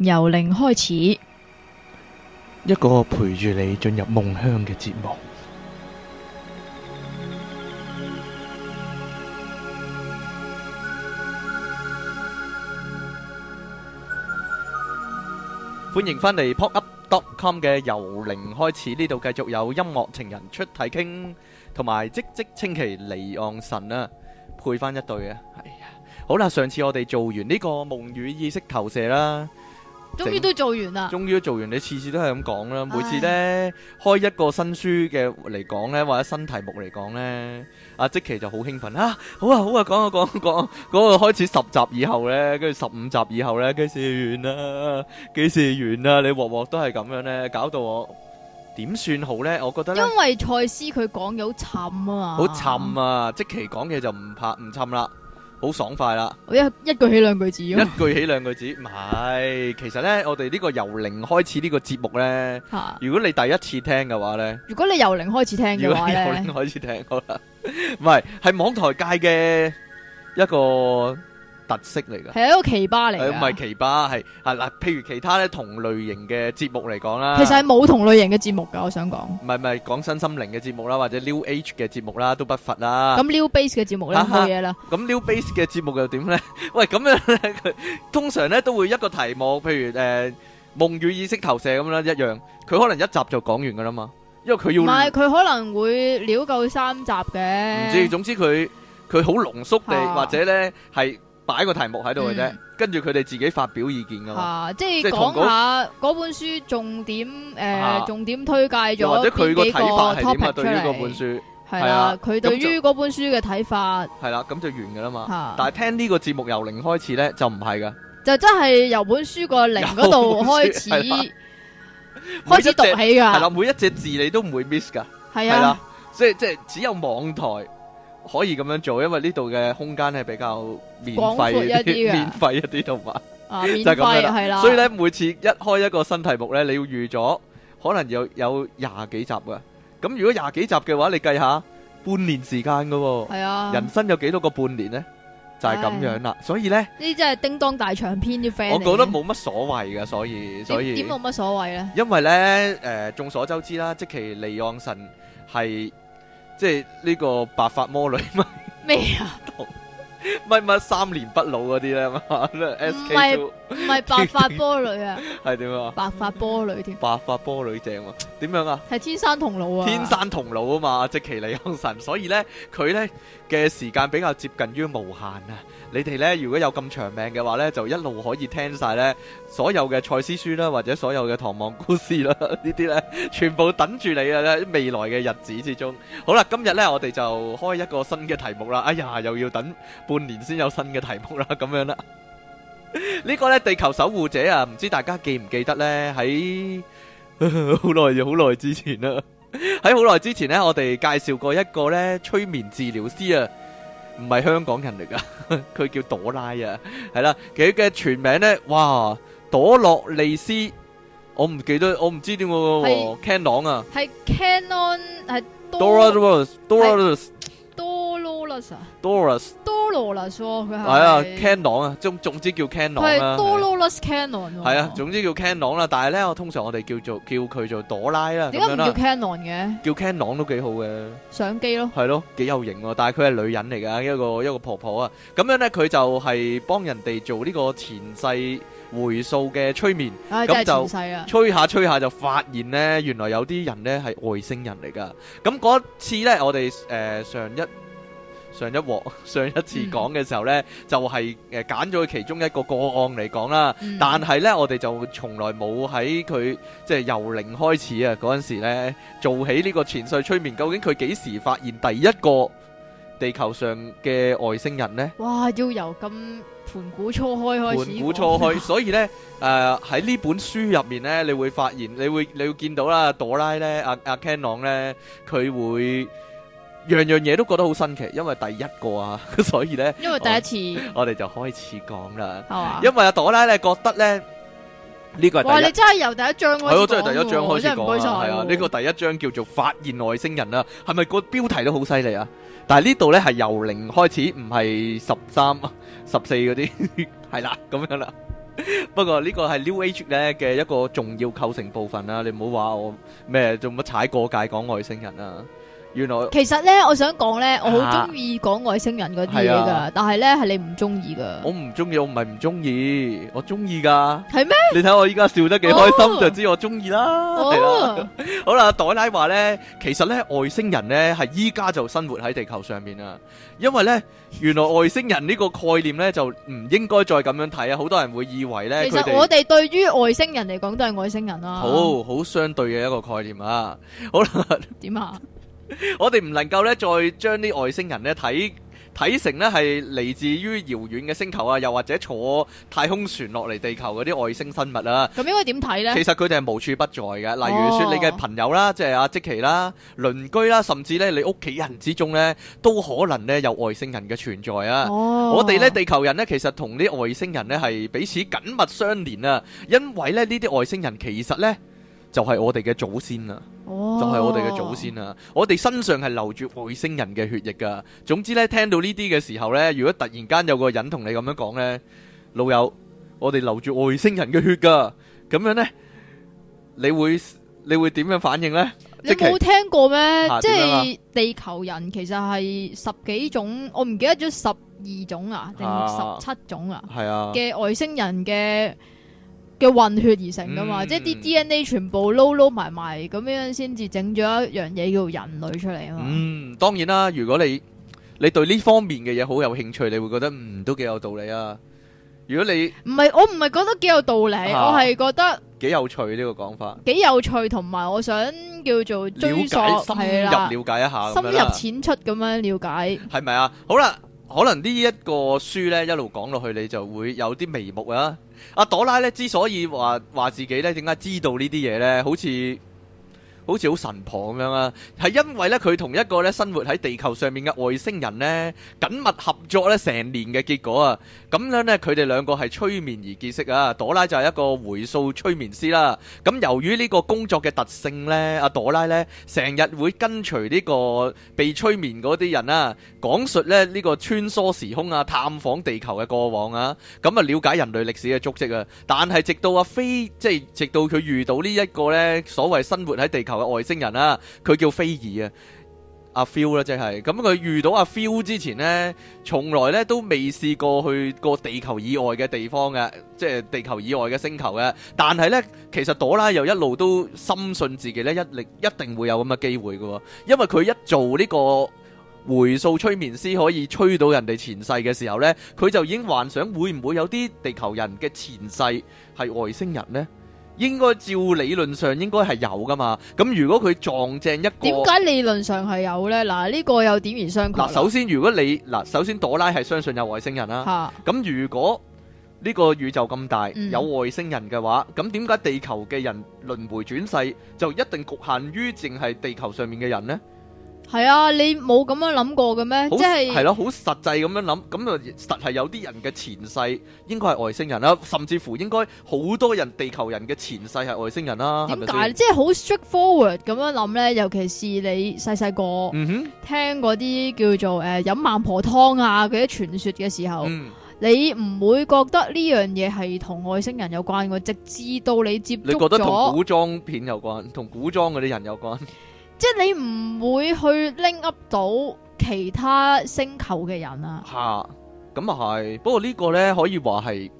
由零開始，一個陪住你進入夢鄉嘅節目。歡迎翻嚟 pop up dot com 嘅由零開始呢度，繼續有音樂情人出體傾，同埋唧唧清奇離岸神啦，配翻一對啊！係啊，好啦，上次我哋做完呢個夢語意識投射啦。終於整都做完啦！終於都做完，你次次都係咁講啦。每次咧唉開一個新書嘅嚟講咧，或者新題目嚟講咧，阿積奇就好興奮啦、啊。好啊，好啊，講啊，講啊，講啊，嗰個、啊啊啊、開始十集以後咧，跟住十五集以後咧，幾時完啦、啊、幾時完啦、啊、你鑊鑊都係咁樣咧，搞到我點算好咧？我覺得呢，因為賽斯佢講嘢好沉啊，好沉啊！積奇講嘢就唔拍唔沉啦。好爽快啦！一一句起兩句止，一句起兩句止唔係。其實咧，我哋呢個由零開始這個節呢個節目咧，如果你第一次聽嘅話咧，如果你由零開始聽嘅話，由零開始聽好啦，唔係係網台界嘅一個。特色嚟噶，係一個奇葩嚟，唔係奇葩，係係嗱，譬如其他咧同類型嘅節目嚟講啦，其實係冇同類型嘅節目噶，我想講，唔係唔係講身心靈嘅節目啦，或者 New Age 嘅節目啦，都不乏啦。咁 New Base 嘅節目咧冇嘢啦。咁 New Base 嘅節目又點咧？喂，咁樣咧，佢通常咧都會一個題目，譬如誒夢與意識投射咁啦一樣，佢可能一集就講完噶啦嘛，因為佢要唔係佢可能會撩夠三集嘅。唔知總之佢佢好濃縮地或者咧係。擺個題目喺度嘅啫，跟住佢哋自己發表意見噶嘛。即係講下嗰本書重點誒，重點推介咗邊幾個 topic 對於嗰本書係啊，佢對於嗰本書嘅睇法係啦，咁就完噶啦嘛。但係聽呢個節目由零開始咧，就唔係噶，就真係由本書個零嗰度開始，開始讀起噶。係啦，每一隻字你都唔會 miss 噶。係啊，所以即係只有網台。可以咁樣做，因為呢度嘅空間係比較廣闊一啲，免費一啲同埋，就係咁樣啦。所以咧，每次一開一個新題目咧，你要預咗可能有有廿幾集噶。咁如果廿幾集嘅話，你計下半年時間噶，係啊，人生有幾多個半年咧？就係咁樣啦。所以咧，呢啲真係叮當大長篇啲 friend，我覺得冇乜所謂噶。所以所以點冇乜所謂咧。因為咧，誒，眾所周知啦，即其利昂神係。即係呢個白髮魔女咩啊？唔係唔係三年不老嗰啲咧？唔係唔係白髮魔女啊？係點樣啊？白髮魔女添？白髮魔女正喎？點樣啊？係、 啊、天山童姥啊？天山童姥啊嘛，即奇犢養神，所以咧佢咧。嘅時間比較接近於無限啊！你哋呢，如果有咁長命嘅話呢，就一路可以聽晒呢所有嘅蔡斯書啦，或者所有嘅《唐王故事》啦，呢啲呢，全部等住你啊！未來嘅日子之中，好啦，今日呢，我哋就開一個新嘅題目啦！哎呀，又要等半年先有新嘅題目啦，咁樣啦。呢、這個呢，地球守護者啊，唔知大家記唔記得呢？喺好耐好耐之前啦。喺好耐之前咧，我哋介紹過一個咧催眠治療師啊，唔係香港人嚟噶，佢叫朵拉啊，係啦，佢嘅全名咧，哇，朵洛麗絲，我唔記得，我唔知點個 Canon 啊，係 Canon，係 Dora，Dora。多羅拉沙，Dora，多羅拉說佢係，係啊，Canon 啊，Canon，總總之叫 Canon 係多蘿拉 Canon，係啊，總之叫 Canon 啦，但係咧，我通常我哋叫做叫佢做朵拉啦，點解唔叫 Canon 嘅？叫，叫 Canon Can 都幾好嘅，相機咯，係咯，幾有型的，但係佢係女人嚟噶，一個一個婆婆啊，咁樣咧，佢就係幫人哋做呢個前世。回溯嘅催眠，咁就催下催下就發現咧，原來有啲人咧係外星人嚟噶。咁嗰次咧，我哋誒上一上一和上一次講嘅時候咧，就係誒揀咗其中一個個案嚟講啦。但係咧，我哋就從來冇喺佢即係由零開始啊嗰陣時咧，做起呢個前世催眠。究竟佢幾時發現第一個地球上嘅外星人咧？哇！要由咁。盤古初開開始，盤古初開，所以咧，誒喺呢本書入面咧，你會發現，你會，你會見到啦，朵拉咧，阿阿 Cannon 咧，佢會樣樣嘢都覺得好新奇，因為第一個啊，所以咧，因為第一次，我哋就開始講啦，因為阿朵拉咧覺得咧。呢個係第一，你真係由第一章開始講，我真係唔開心。係啊，呢、這個第一章叫做發現外星人啦，係、啊、咪個標題都好犀利啊？但係呢度咧係由零開始，唔係十三、十四嗰啲，係啦咁樣啦。 不過呢個係 New Age 咧嘅一個重要構成部分啦、啊，你唔好話我咩做乜踩過界講外星人啊。原來其實咧，我想講咧，我好中意講外星人嗰啲嘢噶，啊是啊、但係咧係你唔中意噶。我唔中意，我唔係唔中意，是嗎我中意噶。係咩？你睇我依家笑得幾開心，哦、就知我中意啦。好、哦、是啦，袋奶話咧，其實咧外星人咧係依家就生活喺地球上面啊。因為咧，原來外星人呢個概念咧就唔應該再咁樣睇啊。好多人會以為咧，其實們我哋對於外星人嚟講都係外星人啦、啊。好好相對嘅一個概念啊。好啦，點啊？ 我哋唔能夠咧，再將啲外星人咧睇睇成咧係嚟自於遙遠嘅星球啊，又或者坐太空船落嚟地球嗰啲外星生物啊。咁應該點睇呢？其實佢哋係無處不在嘅。例如說，你嘅朋友啦，Oh. 即係阿即奇啦，鄰居啦，甚至咧你屋企人之中咧，都可能咧有外星人嘅存在啊。Oh. 我哋咧地球人咧，其實同啲外星人咧係彼此緊密相連啊。因為咧呢啲外星人其實咧。就係我哋嘅祖先啦，哦、就係我哋嘅祖先啦。我哋身上係流住外星人嘅血液噶。總之咧，聽到呢啲嘅時候咧，如果突然間有個人同你咁樣講咧，老友，我哋流住外星人嘅血噶，咁樣咧，你會你會點樣反應咧？你冇聽過咩？即係地球人其實係十幾種，啊、我唔記得咗十二種啊，定十七種啊？係啊，嘅外星人嘅。嘅混血而成噶嘛，嗯、即係啲 DNA 全部撈撈埋埋，咁樣先至整咗一樣嘢叫人類出嚟啊嘛。嗯，當然啦，如果你你對呢方面嘅嘢好有興趣，你會覺得嗯都幾有道理啊。如果你唔係，我唔係覺得幾有道理，啊、我係覺得幾有趣呢個講法。幾有趣，同埋我想叫做追索深入了解一下，深入淺出咁樣了解。係咪啊？好啦。可能呢一個書呢一路講落去，你就會有啲眉目啊！阿、啊、朵拉呢之所以話話自己呢，點解知道呢啲嘢呢，好似～好似好神婆咁樣啊，係因為咧佢同一個咧生活喺地球上面嘅外星人咧緊密合作咧成年嘅結果啊，咁樣咧佢哋兩個係催眠而結識啊。朵拉就係一個回溯催眠師啦。咁由於呢個工作嘅特性咧，阿朵拉咧成日會跟隨呢個被催眠嗰啲人啊，講述咧呢個穿梭時空啊，探訪地球嘅過往啊，咁啊瞭解人類歷史嘅足跡啊。但係直到阿飛即係直到佢遇到呢一個咧所謂生活喺地球外星人啦、啊，佢叫菲爾啊，阿 Feel 啦，即係咁佢遇到阿、啊、Feel 之前咧，從來咧都未試過去過地球以外嘅地方嘅，即係地球以外嘅星球嘅。但係咧，其實朵拉又一路都深信自己咧一定一定會有咁嘅機會嘅，因為佢一做呢個回溯催眠師，可以催到人哋前世嘅時候咧，佢就已經幻想會唔會有啲地球人嘅前世係外星人咧？應該照理論上應該係有㗎嘛？咁如果佢撞正一個，點解理論上係有呢？嗱，呢個有點言相抗？嗱，首先如果你嗱，首先朵拉係相信有外星人啦。嚇！咁如果呢個宇宙咁大，有外星人嘅話，咁點解地球嘅人輪迴轉世就一定局限於淨係地球上面嘅人呢？係啊，你冇咁樣諗過嘅咩？即係係咯，好、即係、係啊、實際咁樣諗，咁就實係有啲人嘅前世應該係外星人啦，甚至乎應該好多人地球人嘅前世係外星人啦，係咪？是是即係好 straightforward 咁樣諗咧，尤其是你細細個聽嗰啲叫做誒飲孟婆湯啊嗰啲傳說嘅時候，嗯、你唔會覺得呢樣嘢係同外星人有關喎，直至到你接觸，你覺得同古裝片有關，同古裝嗰啲人有關？即係你唔會去 link up 到其他星球嘅人啊！吓、啊，咁啊係。不過這個呢個咧可以話係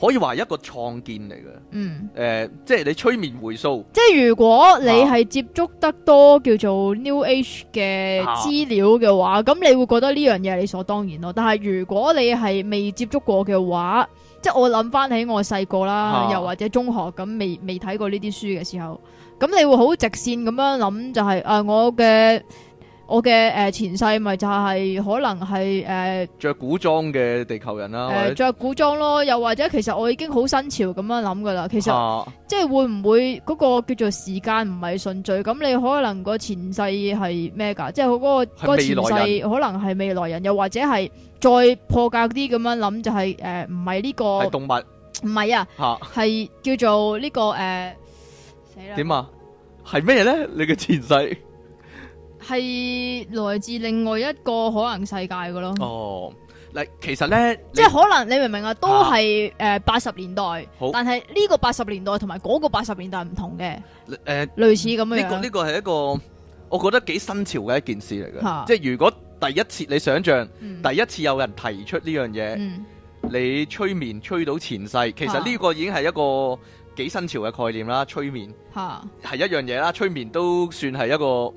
可以話係一個創建嚟嘅。嗯。誒、呃，即係你催眠回溯。即係如果你係接觸得多、啊、叫做 New Age 嘅資料嘅話，咁、啊、你會覺得呢樣嘢係理所當然咯。但係如果你係未接觸過嘅話，即係我諗翻起我細個啦，啊、又或者中學咁未未睇過呢啲書嘅時候。咁你會好直線咁樣諗就係、是、誒、啊、我嘅我嘅誒、呃、前世咪就係可能係誒着古裝嘅地球人啦、啊，誒着、呃、古裝咯，又或者其實我已經好新潮咁樣諗噶啦，其實、啊、即係會唔會嗰個叫做時間唔係順序？咁你可能個前世係咩噶？即係佢、那個嗰個前世可能係未來人，又或者係再破格啲咁樣諗就係誒唔係呢個動物，唔係啊，係、啊、叫做呢、這個誒。呃點啊？係咩呢？你嘅前世係來自另外一個可能世界嘅咯。哦，嗱，其實呢，即係可能你明唔明啊？都係誒八十年代，但係呢個八十年代同埋嗰個八十年代唔同嘅。誒、呃，類似咁樣、呃。呢、這個呢、這個係一個我覺得幾新潮嘅一件事嚟嘅。啊、即係如果第一次你想象，嗯、第一次有人提出呢樣嘢，嗯、你催眠催到前世，其實呢個已經係一個。幾新潮嘅概念啦，催眠係哈一樣嘢啦，催眠都算係一個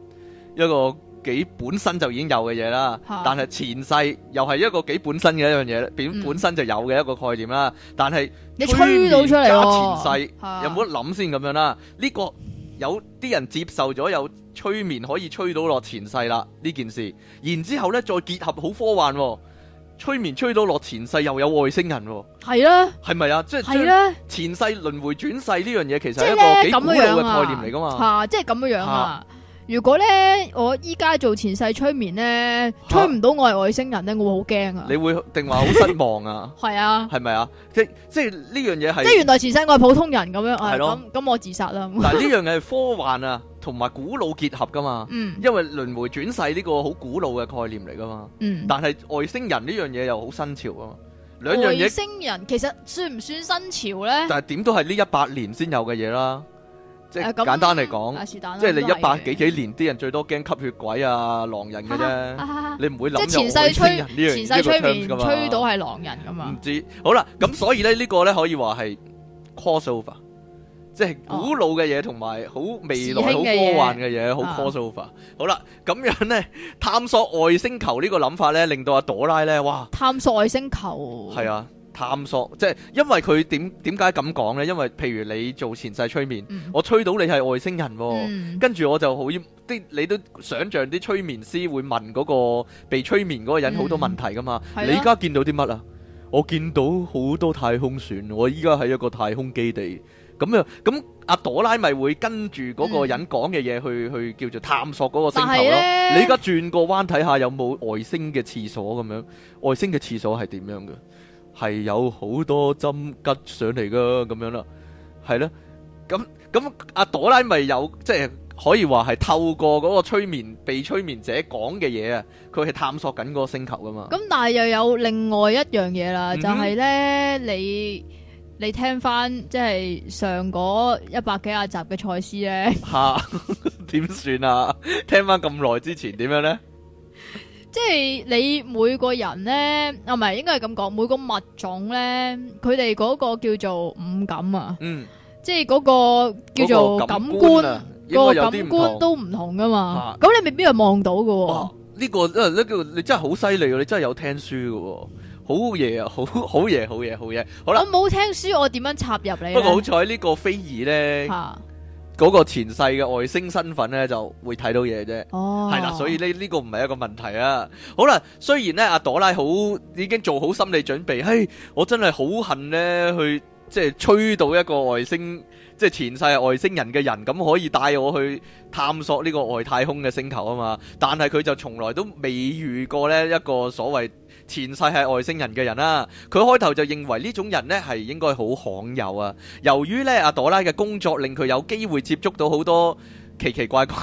一個幾本身就已經有嘅嘢啦，哈但係前世又係一個幾本身嘅一樣嘢，本、嗯、本身就有嘅一個概念啦，但係你吹到出嚟、哦，加前世有冇得諗先咁樣啦？呢哈、這個有啲人接受咗，有催眠可以吹到落前世啦，呢件事，然之後咧再結合好科幻、哦。催眠催到落前世又有外星人喎、哦，係啊，係咪啊？即係前世輪回轉世呢樣嘢，其實係一個幾古老嘅概念嚟噶嘛吓，即係咁樣樣啊。如果咧我依家做前世催眠咧，催唔到我係外星人咧，啊、我會好驚啊。你會定話好失望啊？係 啊，係咪啊？即即係呢樣嘢係即係原來前世我係普通人咁樣啊？係咯、啊，咁咁、啊、我自殺啦。但呢樣嘢係科幻啊。同埋古老結合噶嘛，嗯、因為輪迴轉世呢個好古老嘅概念嚟噶嘛，嗯、但係外星人呢樣嘢又好新潮啊嘛，兩樣嘢外星人其實算唔算新潮咧？但係點都係呢一百年先有嘅嘢啦，即係簡單嚟講，啊啊、即係你一百幾幾年啲人最多驚吸血鬼啊、狼人嘅啫，啊啊、你唔會諗入外星人呢樣前世催眠吹到係狼人噶嘛，唔、嗯、知好啦，咁所以咧呢 這個咧可以話係 crossover 即係古老嘅嘢，同埋好未來、好科幻嘅嘢，好 crossover。好啦，咁樣呢，探索外星球呢個諗法呢，令到阿朵拉呢：「哇！探索外星球係啊，探索即係，因為佢點點解咁講呢？因為譬如你做前世催眠，嗯、我催到你係外星人、哦，嗯、跟住我就好以你都想象啲催眠師會問嗰個被催眠嗰個人好多問題噶嘛？嗯嗯、你而家見到啲乜啊？嗯、我見到好多太空船，我依家喺一個太空基地。咁啊，咁阿朵拉咪會跟住嗰個人講嘅嘢去、嗯、去，去叫做探索嗰個星球咯。你而家轉個彎睇下有冇外星嘅廁所咁樣，外星嘅廁所係點樣嘅？係有好多針拮上嚟噶咁樣啦，係啦。咁咁阿朵拉咪有即係可以話係透過嗰個催眠被催眠者講嘅嘢啊，佢係探索緊嗰個星球噶嘛。咁但係又有另外一樣嘢啦，就係咧你。你聽翻即係上嗰一百幾廿集嘅賽斯咧吓？點 算啊？聽翻咁耐之前點樣咧？即係你每個人咧，啊唔係，應該係咁講，每個物種咧，佢哋嗰個叫做五感啊，嗯，即係嗰個叫做個感官，感官啊、個感官都唔同噶嘛。咁、啊、你未必係望到噶、啊啊。呢、這個係呢叫你真係好犀利，你真係有聽書噶、啊。好嘢啊！好好嘢，好嘢，好嘢！好啦，我冇聽書，我點樣插入你？不過好彩呢個菲兒咧，嗰個前世嘅外星身份咧，就會睇到嘢啫。哦，係啦，所以呢呢個唔係一個問題啊。好啦，雖然咧阿朵拉好已經做好心理準備，嘿，我真係好恨咧去即係吹到一個外星，即係前世係外星人嘅人，咁可以帶我去探索呢個外太空嘅星球啊嘛。但係佢就從來都未遇過咧一個所謂。前世係外星人嘅人啦，佢開頭就認為呢種人呢係應該好罕有啊。由於呢阿朵拉嘅工作令佢有機會接觸到好多奇奇怪怪、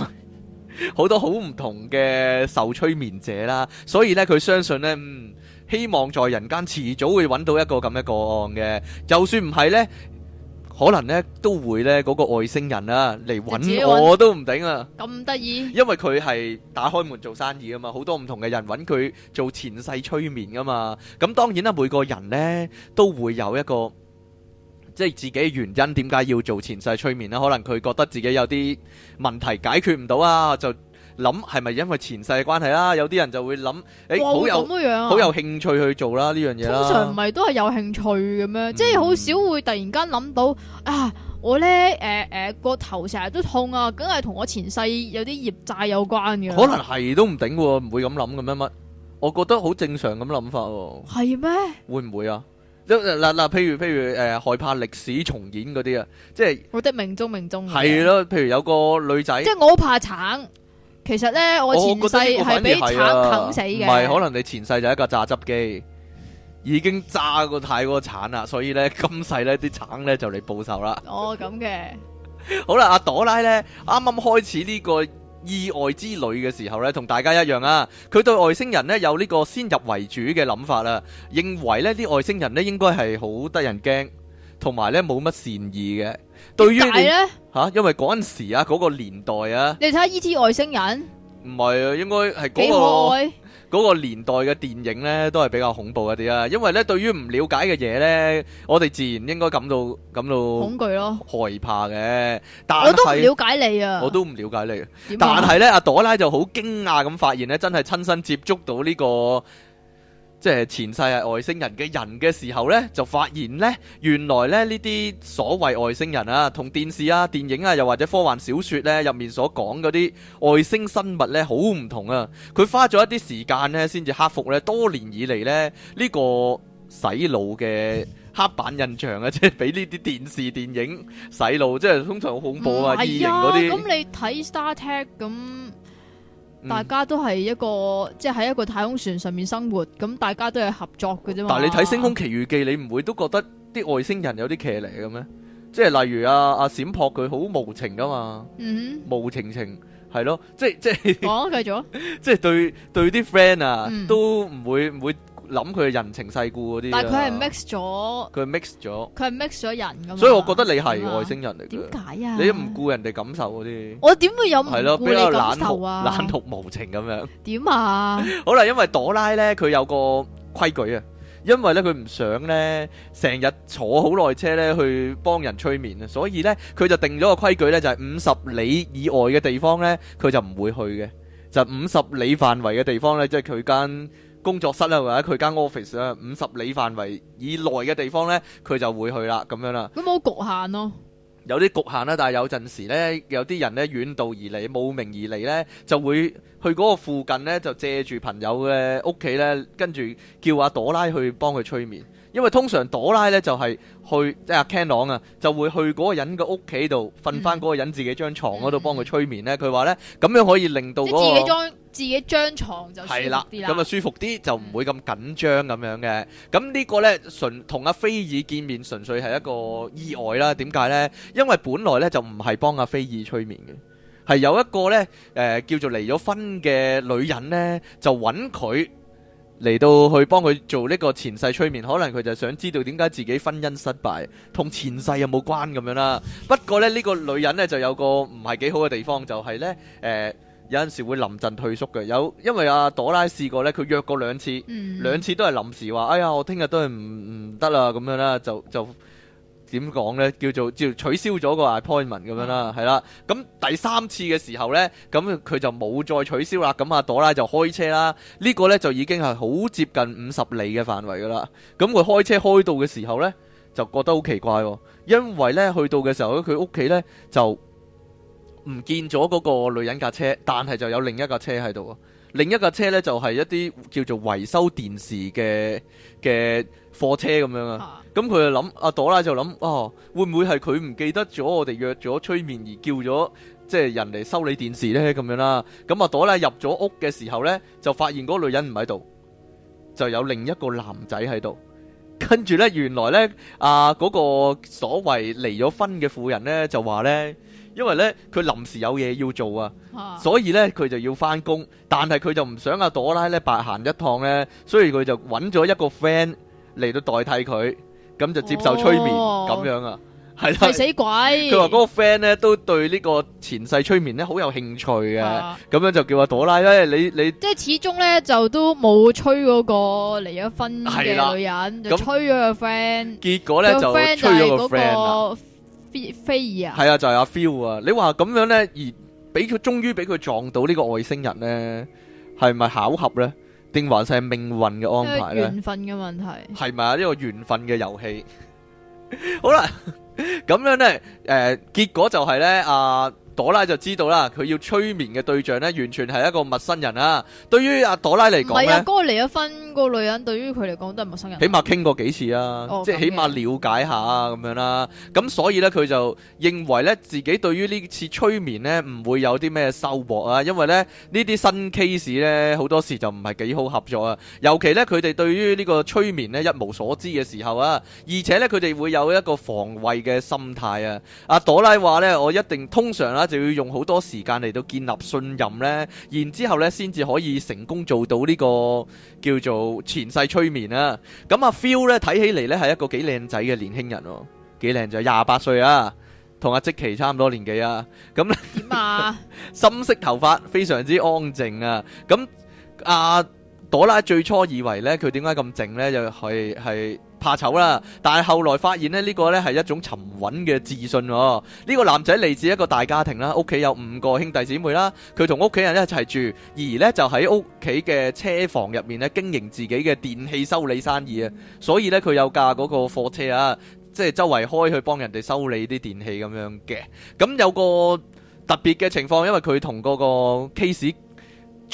好多好唔同嘅受催眠者啦，所以他呢，佢相信呢，嗯，希望在人間遲早會揾到一個咁嘅個案嘅，就算唔係呢。可能咧都會咧嗰、那個外星人啊嚟揾我都唔頂啊！咁得意，因為佢係打開門做生意啊嘛，好多唔同嘅人揾佢做、啊、做前世催眠啊嘛。咁當然啦，每個人呢都會有一個即係自己原因，點解要做前世催眠呢？可能佢覺得自己有啲問題解決唔到啊，就。諗係咪因為前世嘅關係啦、啊？有啲人就會諗誒，好、欸、哇有好、啊、有興趣去做啦、啊、呢樣嘢啦、啊。通常唔係都係有興趣嘅咩？嗯、即係好少會突然間諗到啊！我咧誒誒個頭成日都痛啊，梗係同我前世有啲業債有關嘅。可能係都唔頂，唔會咁諗咁樣乜？我覺得好正常咁諗法、啊。係咩嗎？會唔會啊？嗱、呃、嗱，譬、呃呃呃、如譬如誒，害怕歷史重演嗰啲啊，即係我的命中命中係咯。譬如有個女仔，即係我好怕慘。其實呢，我前世係俾橙啃死嘅、啊，唔係可能你前世就一個榨汁機，已經榨過太過橙啦，所以呢，今世呢啲橙呢，就嚟報仇啦。哦，咁嘅 ，好、啊、啦，阿朵拉呢，啱啱開始呢個意外之旅嘅時候呢，同大家一樣啊，佢對外星人呢，有呢個先入為主嘅諗法啦、啊，認為呢啲外星人呢，應該係好得人驚，同埋呢冇乜善意嘅。對於吓，因為嗰陣時啊，嗰個年代啊，你睇下 E.T. 外星人，唔係啊，應該係嗰個嗰個年代嘅電影咧，都係比較恐怖一啲啊。因為咧，對於唔了解嘅嘢咧，我哋自然應該感到感到恐懼咯，害怕嘅。但我都唔了解你啊，我都唔了解你。但係咧，阿朵拉就好驚訝咁發現咧，真係親身接觸到呢個。即係前世係外星人嘅人嘅時候呢，就發現呢，原來咧呢啲所謂外星人啊，同電視啊、電影啊，又或者科幻小說呢入面所講嗰啲外星生物呢，好唔同啊！佢花咗一啲時間呢，先至克服呢多年以嚟呢，呢個洗腦嘅黑板印象啊，即係俾呢啲電視電影洗腦，即係通常好恐怖啊、啊異形嗰啲。咁你睇 Star Trek 咁？嗯、大家都係一個即係喺一個太空船上面生活，咁大家都係合作嘅啫嘛。但係你睇《星空奇遇記》，你唔會都覺得啲外星人有啲騎嚟嘅咩？即係例如阿阿閃撲佢好無情噶嘛？嗯、無情情係咯，即係即係講啊，繼續即係對對啲 friend 啊都唔會唔會。諗佢人情世故嗰啲，但係佢係 mix 咗，佢係 mix 咗，佢係 mix 咗人噶嘛，所以我覺得你係外星人嚟嘅。點解啊？你都唔顧人哋感受嗰啲？我點會有？係咯，比較冷酷、冷酷無情咁樣。點啊？好啦，因為朵拉咧，佢有個規矩啊，因為咧佢唔想咧，成日坐好耐車咧去幫人催眠啊，所以咧佢就定咗個規矩咧，就係五十里以外嘅地方咧，佢就唔會去嘅，就五十里範圍嘅地方咧，即係佢間。工作室啊，或者佢間 office 啊，五十里範圍以內嘅地方呢，佢就會去啦，咁樣啦。咁冇局限咯，哦，有啲局限啦，啊，但係有陣時呢，有啲人呢，遠道而嚟，慕名而嚟呢，就會去嗰個附近呢，就借住朋友嘅屋企呢，跟住叫阿朵拉去幫佢催眠。嗯。因為通常朵拉咧就係、是、去即係阿 Cannon 啊，就會去嗰個人嘅屋企度瞓翻嗰個人自己張床嗰度幫佢催眠咧。佢話咧，咁樣可以令到嗰、那個自己張自己張床就舒服啲啦。咁啊舒服啲就唔會咁緊張咁樣嘅。咁呢個咧純同阿菲爾見面純粹係一個意外啦。點解咧？因為本來咧就唔係幫阿菲爾催眠嘅，係有一個咧誒、呃、叫做離咗婚嘅女人咧就揾佢。嚟到去幫佢做呢個前世催眠，可能佢就想知道點解自己婚姻失敗，同前世有冇關咁樣啦。不過咧呢、這個女人呢，就有個唔係幾好嘅地方，就係、是、呢，誒、呃、有陣時會臨陣退縮嘅。有因為阿、啊、朵拉試過呢，佢約過兩次，嗯、兩次都係臨時話，哎呀我聽日都係唔唔得啦咁樣啦，就就。點講呢？叫做叫取消咗個 appointment 咁樣啦，係啦、嗯。咁第三次嘅時候呢，咁佢就冇再取消啦。咁阿朵拉就開車啦。呢個呢就已經係好接近五十里嘅範圍噶啦。咁佢開車開到嘅時候呢，就覺得好奇怪、哦，因為呢去到嘅時候佢屋企呢就唔見咗嗰個女人架車，但係就有另一架車喺度。另一架車呢，就係一啲叫做維修電視嘅嘅貨車咁樣啊。咁佢就諗，阿朵拉就諗，哦，會唔會係佢唔記得咗我哋約咗催眠而叫咗即係人嚟修理電視咧咁樣啦？咁啊朵拉入咗屋嘅時候咧，就發現嗰個女人唔喺度，就有另一個男仔喺度。跟住咧，原來咧，啊嗰個所謂離咗婚嘅婦人咧就話咧，因為咧佢臨時有嘢要做啊，所以咧佢就要翻工，但係佢就唔想阿朵拉咧白行一趟咧，所以佢就揾咗一個 friend 嚟到代替佢。咁就接受催眠咁、哦、樣啊，係啦，係死鬼。佢話嗰個 friend 咧都對呢個前世催眠咧好有興趣嘅，咁是的樣就叫阿朵拉。因、欸、你你即係始終咧就都冇催嗰個離咗婚嘅女人，的就催咗個 friend。結果咧就催咗個 friend、那個。結菲爾啊。係啊，就係、是、阿 Phil 啊。你話咁樣咧，而俾佢終於俾佢撞到呢個外星人咧，係咪巧合咧？定還是命運嘅安排咧？緣分嘅問題係咪啊？呢、這個緣分嘅遊戲好啦， 咁樣呢，誒、呃，結果就係呢。啊、呃。朵拉就知道啦，佢要催眠嘅對象咧，完全係一個陌生人啊！對於阿、啊、朵拉嚟講係啊，嗰離咗婚個女人對於佢嚟講都係陌生人，啊。起碼傾過幾次啊，哦、即係起碼了解下啊，咁樣啦，啊。咁、嗯、所以咧，佢就認為咧，自己對於呢次催眠咧，唔會有啲咩收穫啊。因為咧，呢啲新 case 咧，好多時就唔係幾好合作啊。尤其咧，佢哋對於呢個催眠咧一無所知嘅時候啊，而且咧，佢哋會有一個防衛嘅心態啊。阿、啊、朵拉話咧，我一定通常啦，啊。就要用好多時間嚟到建立信任呢。然之後咧先至可以成功做到呢、這個叫做前世催眠啦、啊。咁阿 Phil 呢，睇起嚟呢係一個幾靚仔嘅年輕人、哦，幾靚仔廿八歲啊，同阿即其差唔多年紀啊。咁、嗯、點啊？ 深色頭髮，非常之安靜啊。咁、嗯、阿、啊、朵拉最初以為呢，佢點解咁靜呢？就係係。怕醜啦，但係後來發現呢個呢係一種沉穩嘅自信。呢個男仔嚟自一個大家庭啦，屋企有五個兄弟姐妹啦，佢同屋企人一齊住，而呢就喺屋企嘅車房入面呢經營自己嘅電器修理生意啊。所以呢，佢有架嗰個貨車啊，即係周圍開去幫人哋修理啲電器咁樣嘅。咁有個特別嘅情況，因為佢同嗰個 case。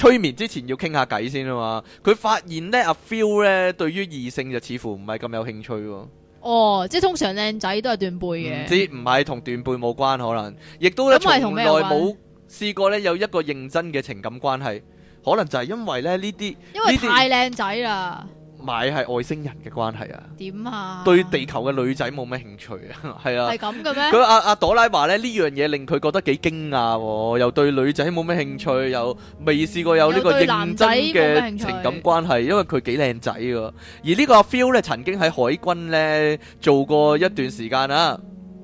催眠之前要傾下偈先啊嘛，佢發現咧阿 Phil 咧對於異性就似乎唔係咁有興趣喎。哦，即係通常靚仔都係斷背嘅。唔知唔係同斷背冇關，可能亦都咧從來冇試過咧有一個認真嘅情感關係，可能就係因為咧呢啲因為太靚仔啦。買係外星人嘅關係啊？點啊？對地球嘅女仔冇咩興趣啊？係啊？係咁嘅咩？咁阿阿朵拉話咧呢樣嘢，令佢覺得幾驚訝，啊，又對女仔冇咩興趣，又未試過有呢個認真嘅情感關係，因為佢幾靚仔噶，啊。而呢個阿 Phil 咧曾經喺海軍咧做過一段時間啊，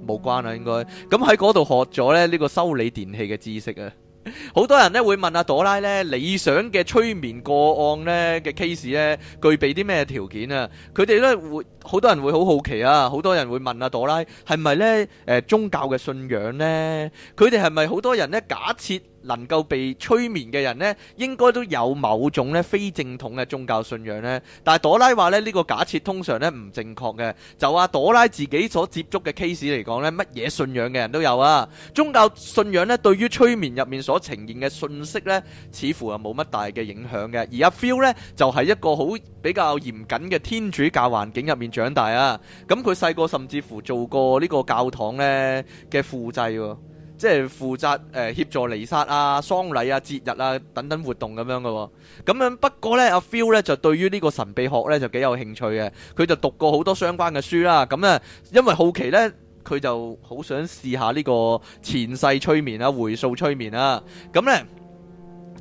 冇關啦，啊，應該。咁喺嗰度學咗咧呢個修理電器嘅知識啊。好多人咧會問阿朵拉咧理想嘅催眠個案咧嘅 case 咧具備啲咩條件啊？佢哋咧會好多人會好好奇啊，好多人會問阿朵拉係咪咧？誒、呃，宗教嘅信仰咧？佢哋係咪好多人咧？假設？能夠被催眠嘅人呢，應該都有某種非正統嘅宗教信仰呢，但係朵拉話呢，呢個假設通常咧唔正確嘅。就阿朵拉自己所接觸嘅 case 嚟講咧，乜嘢信仰嘅人都有啊。宗教信仰咧，對於催眠入面所呈現嘅信息呢似乎係冇乜大嘅影響嘅。而阿 Phil 呢，就係、是、一個好比較嚴謹嘅天主教環境入面長大啊。咁佢細個甚至乎做過呢個教堂咧嘅副祭、啊即係負責誒、呃、協助彌撒啊、喪禮啊、節日啊等等活動咁樣嘅喎、哦，咁樣，不過呢，阿 Feel、啊啊、呢就對於呢個神秘學呢就幾有興趣嘅，佢就讀過好多相關嘅書啦。咁咧，因為好奇呢，佢就好想試下呢個前世催眠啊、回溯催眠啊。咁呢，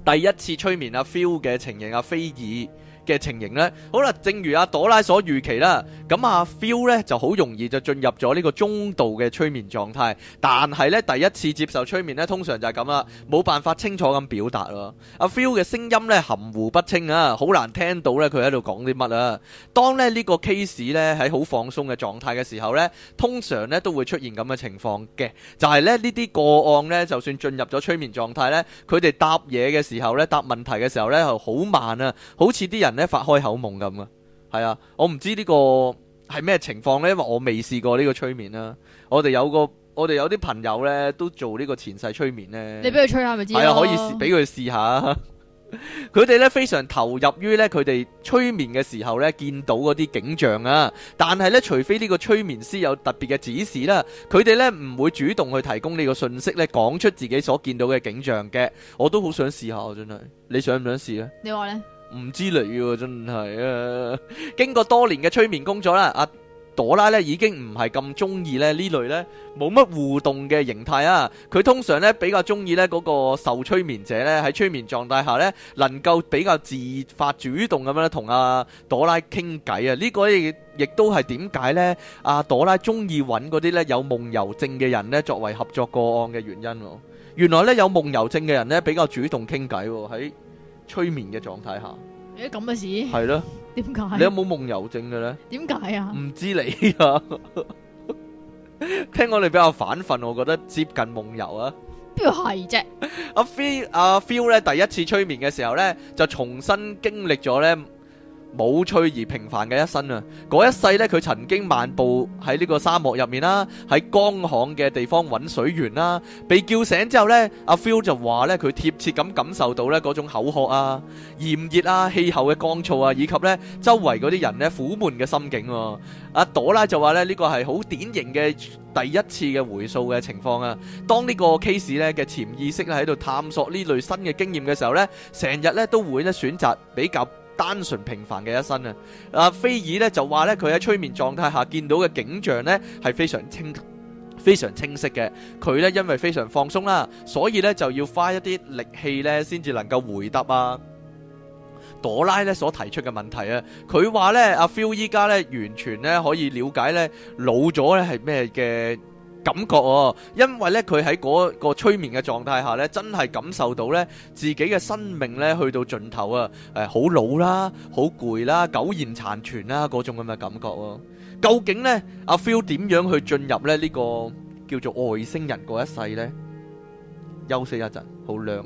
第一次催眠阿 Feel 嘅情形、啊，阿菲爾。嘅情形咧，好啦，正如阿朵拉所預期啦，咁阿 Phil 咧就好容易就進入咗呢個中度嘅催眠狀態，但係咧第一次接受催眠咧，通常就係咁啦，冇辦法清楚咁表達咯。阿 Phil 嘅聲音咧樂、啊、含糊不清啊，好難聽到咧佢喺度講啲乜啊。當咧呢、這個 case 咧喺好放鬆嘅狀態嘅時候咧，通常咧都會出現咁嘅情況嘅，就係、是、咧呢啲個案咧，就算進入咗催眠狀態咧，佢哋答嘢嘅時候咧，答問題嘅時候咧，又好慢啊，好似啲人。咧發開口夢咁係啊，我唔知呢、呢個係咩情況呢？因為我未試過呢個催眠啦，啊。我哋有個我哋有啲朋友呢，都做呢個前世催眠呢。你俾佢吹下咪知係，係啊，可以畀俾佢試下。佢 哋呢，非常投入於呢佢哋催眠嘅時候呢，見到嗰啲景象啊。但係呢，除非呢個催眠師有特別嘅指示啦，啊，佢哋呢唔會主動去提供呢個信息呢，講出自己所見到嘅景象嘅。我都好想試下，啊，真係你想唔想試呢？你話呢？唔知你真係啊！經過多年嘅催眠工作啦，阿朵拉咧已經唔係咁中意咧呢類咧冇乜互動嘅形態啊！佢通常咧比較中意咧嗰個受催眠者咧喺催眠狀態下咧能夠比較自發主動咁樣同阿朵拉傾偈啊！呢個亦亦都係點解咧阿朵拉中意揾嗰啲咧有夢遊症嘅人咧作為合作個案嘅原因。原來咧有夢遊症嘅人咧比較主動傾偈喎喺。催眠嘅狀態下，誒咁嘅事係咯，點解的你有冇夢遊症嘅咧？點解啊？唔知你啊， 聽講你比較反瞓，我覺得接近夢遊啊，邊個係啫？阿 feel 阿 feel 咧，第一次催眠嘅時候咧，就重新經歷咗咧。冇趣而平凡嘅一生啊！嗰一世咧，佢曾經漫步喺呢個沙漠入面啦，喺乾旱嘅地方搵水源啦。被叫醒之後咧，阿 Phil 就話咧，佢貼切咁感受到咧嗰種口渴啊、炎熱啊、氣候嘅乾燥啊，以及咧周圍嗰啲人咧苦悶嘅心境。阿朵啦就話咧，呢個係好典型嘅第一次嘅回溯嘅情況啊。當呢個 case 咧嘅潛意識咧喺度探索呢類新嘅經驗嘅時候咧，成日咧都會咧選擇比較。單純平凡嘅一生。啊！阿菲爾呢就話呢，佢喺催眠狀態下見到嘅景象呢係非常清非常清晰嘅。佢呢因為非常放鬆啦，所以呢就要花一啲力氣呢先至能夠回答啊。朵拉呢所提出嘅問題啊，佢話呢，阿 Phil 依家呢，完全呢可以了解呢老咗呢係咩嘅。感覺哦，因為咧佢喺嗰個催眠嘅狀態下咧，真係感受到咧自己嘅生命咧去到盡頭啊！誒、呃，好老啦，好攰啦，苟延殘喘啦嗰種咁嘅感覺哦。究竟呢，阿、啊、Phil 點樣去進入呢、這個？呢個叫做外星人嗰一世呢，休息一陣，好亮。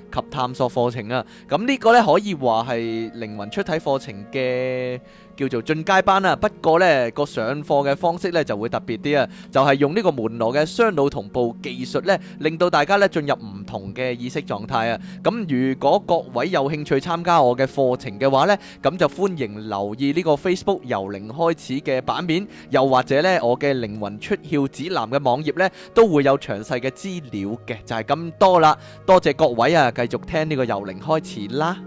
及探索課程啊，咁呢個呢可以話係靈魂出體課程嘅叫做進階班啊。不過呢個上課嘅方式呢就會特別啲啊，就係用呢個門羅嘅雙腦同步技術呢，令到大家呢進入唔同嘅意識狀態啊。咁如果各位有興趣參加我嘅課程嘅話呢，咁就歡迎留意呢個 Facebook 由零開始嘅版面，又或者呢我嘅靈魂出竅指南嘅網頁呢都會有詳細嘅資料嘅。就係咁多啦，多謝各位啊！繼續聽呢個由零開始啦。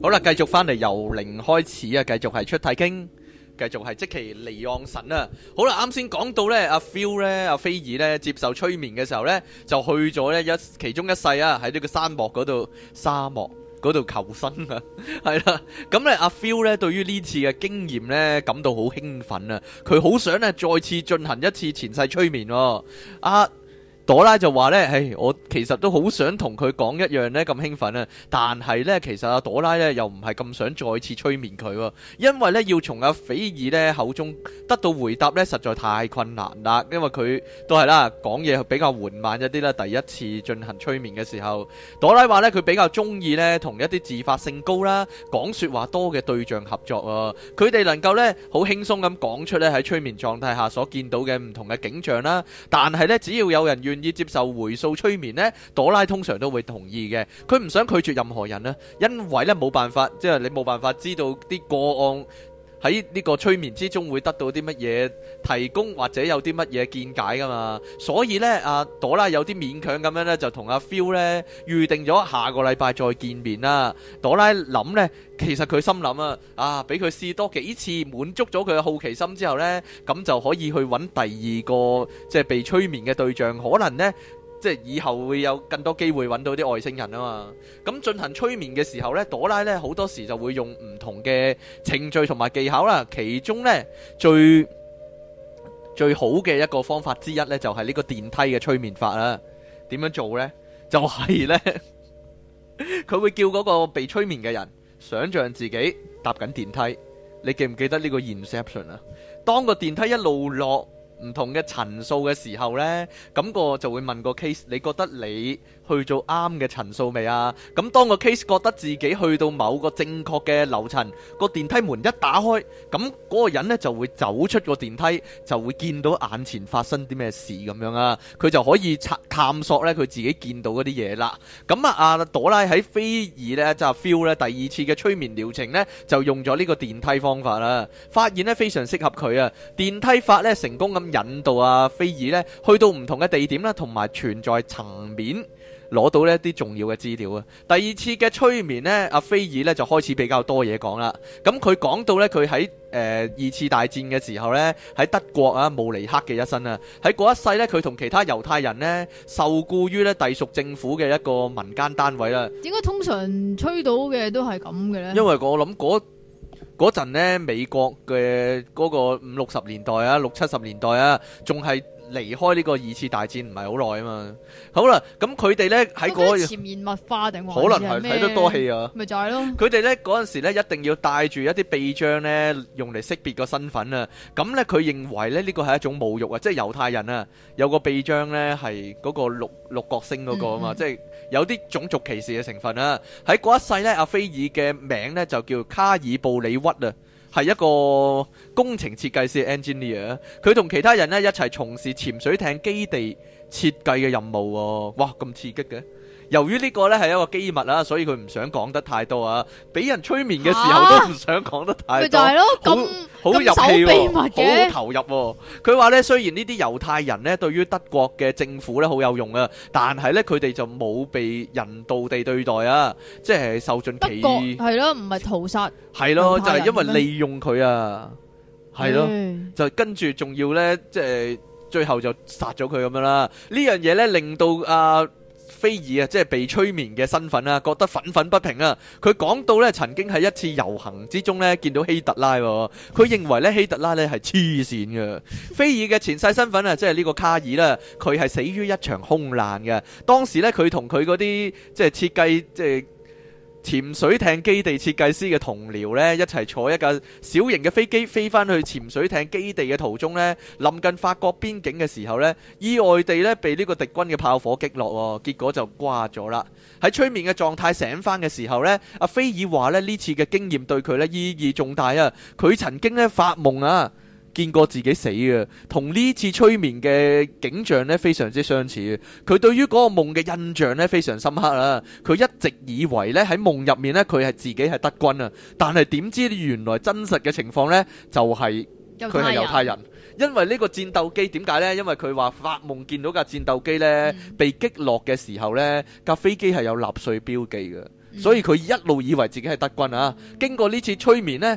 好啦，繼續翻嚟由零開始啊！繼續係出太經，繼續係即其離岸神啊！好啦，啱先講到咧，阿 Phil 咧，阿菲爾咧接受催眠嘅時候咧，就去咗咧一其中一世啊，喺呢個沙漠嗰度沙漠。嗰度求生 啊，係啦，咁咧阿 Phil 咧對於呢次嘅經驗咧感到好興奮啊，佢好想咧再次進行一次前世催眠喎，啊啊，朵拉就話呢，唉，我其實都好想同佢講一樣呢咁興奮啊！但係呢，其實阿朵拉呢又唔係咁想再次催眠佢喎，因為呢要從阿斐爾呢口中得到回答呢，實在太困難啦。因為佢都係啦，講嘢比較緩慢一啲啦。第一次進行催眠嘅時候，朵拉話呢，佢比較鍾意呢同一啲自發性高啦、講説話多嘅對象合作啊。佢哋能夠呢好輕鬆咁講出呢喺催眠狀態下所見到嘅唔同嘅景象啦。但係呢，只要有人要，願意接受回溯催眠咧，朵拉通常都會同意嘅。佢唔想拒絕任何人啦，因為咧冇辦法，即係你冇辦法知道啲個案喺呢個催眠之中會得到啲乜嘢提供或者有啲乜嘢見解㗎嘛，所以咧阿朵拉有啲勉強咁樣咧就同阿 Phil 咧預定咗下個禮拜再見面啦。朵拉諗咧，其實佢心諗啊，啊俾佢試多幾次，滿足咗佢嘅好奇心之後咧，咁就可以去揾第二個即係被催眠嘅對象，可能咧。即係以後會有更多機會揾到啲外星人啊嘛！咁進行催眠嘅時候呢，朵拉咧好多時就會用唔同嘅程序同埋技巧啦。其中呢，最最好嘅一個方法之一呢，就係呢個電梯嘅催眠法啦。點樣做呢？就係呢，佢 會叫嗰個被催眠嘅人想象自己搭緊電梯。你記唔記得呢個 inception 啊？當個電梯一路落。唔同嘅層數嘅時候呢，咁個就會問個 case，你覺得你？去做啱嘅層數未啊？咁當個 case 覺得自己去到某個正確嘅樓層，個電梯門一打開，咁、那、嗰個人呢就會走出個電梯，就會見到眼前發生啲咩事咁樣啊？佢就可以探索咧佢自己見到嗰啲嘢啦。咁啊，阿朵拉喺菲爾呢，就 feel、啊、咧第二次嘅催眠療程呢，就用咗呢個電梯方法啦，發現呢，非常適合佢啊！電梯法呢，成功咁引導啊菲爾呢去到唔同嘅地點啦，同埋存在層面。攞到呢啲重要嘅資料啊！第二次嘅催眠呢，阿菲爾呢就開始比較多嘢講啦。咁佢講到呢，佢、呃、喺二次大戰嘅時候呢，喺德國啊慕尼克嘅一生啊，喺嗰一世呢，佢同其他猶太人呢受雇於呢，隸屬政府嘅一個民間單位啦。點解通常催到嘅都係咁嘅呢？因為我諗嗰陣呢，美國嘅嗰個五六十年代啊，六七十年代啊，仲係。離開呢個二次大戰唔係好耐啊嘛，好啦，咁佢哋呢喺嗰個潛現物化定還是咩？可能係睇得多戲啊，咪就係咯。佢哋呢嗰陣時呢一定要帶住一啲臂章呢，用嚟識別個身份啊。咁呢佢認為呢呢個係一種侮辱啊，即係猶太人啊，有個臂章呢係嗰個六六角星嗰個啊嘛，即係有啲種族歧視嘅成分啊。喺嗰一世呢，阿菲爾嘅名呢就叫卡爾布里屈啊。係一個工程設計師 engineer，佢同其他人咧一齊從事潛水艇基地設計嘅任務喎啊，哇咁刺激嘅！由於呢個咧係一個機密啦，所以佢唔想講得太多啊！俾人催眠嘅時候都唔想講得太多，咪好蛤入戲喎，好好投入喎。佢話呢，雖然呢啲猶太人咧對於德國嘅政府咧好有用啊，但係呢，佢哋就冇被人道地對待啊，即係受盡歧視。德國係咯，唔係屠殺，係咯，就係、是、因為利用佢啊，係咯、嗯，就跟住仲要呢，即係最後就殺咗佢咁樣啦。呢樣嘢呢，令到啊～菲爾啊，即係被催眠嘅身份啦，覺得忿忿不平啊。佢講到曾經喺一次遊行之中咧見到希特拉，佢認為希特拉咧係黐線嘅。菲爾嘅前世身份啊，即係呢個卡爾啦，佢係死於一場空難嘅。當時呢，佢同佢嗰啲即係設計即係。潛水艇基地設計師嘅同僚呢，一齊坐一架小型嘅飛機飛返去潛水艇基地嘅途中呢，臨近法國邊境嘅時候呢，意外地呢，被呢個敵軍嘅炮火擊落喎，結果就掛咗啦。喺催眠嘅狀態醒翻嘅時候呢，阿菲爾話呢，呢次嘅經驗對佢呢意義重大啊！佢曾經呢發夢啊。見過自己死嘅，同呢次催眠嘅景象呢非常之相似嘅。佢對於嗰個夢嘅印象呢非常深刻啊！佢一直以為呢喺夢入面呢佢係自己係德軍啊，但係點知原來真實嘅情況呢就係佢係猶太人。猶太人，因為呢個戰鬥機點解呢？因為佢話發夢見到架戰鬥機呢被擊落嘅時候呢，架飛機係有納粹標記嘅，所以佢一路以為自己係德軍啊。經過呢次催眠呢。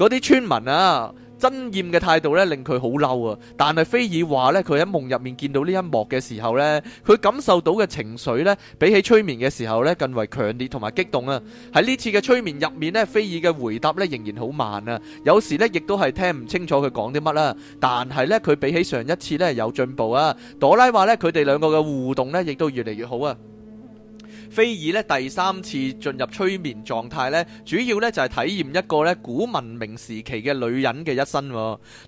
嗰啲村民啊，真厭嘅態度咧令佢好嬲啊！但係菲爾話咧，佢喺夢入面見到呢一幕嘅時候咧，佢感受到嘅情緒咧，比起催眠嘅時候咧更為強烈同埋激動啊！喺呢次嘅催眠入面咧，菲爾嘅回答咧仍然好慢啊，有時咧亦都係聽唔清楚佢講啲乜啦。但係咧佢比起上一次咧有進步啊！朵拉話咧佢哋兩個嘅互動咧亦都越嚟越好啊！菲爾咧第三次進入催眠狀態咧，主要咧就係體驗一個咧古文明時期嘅女人嘅一生。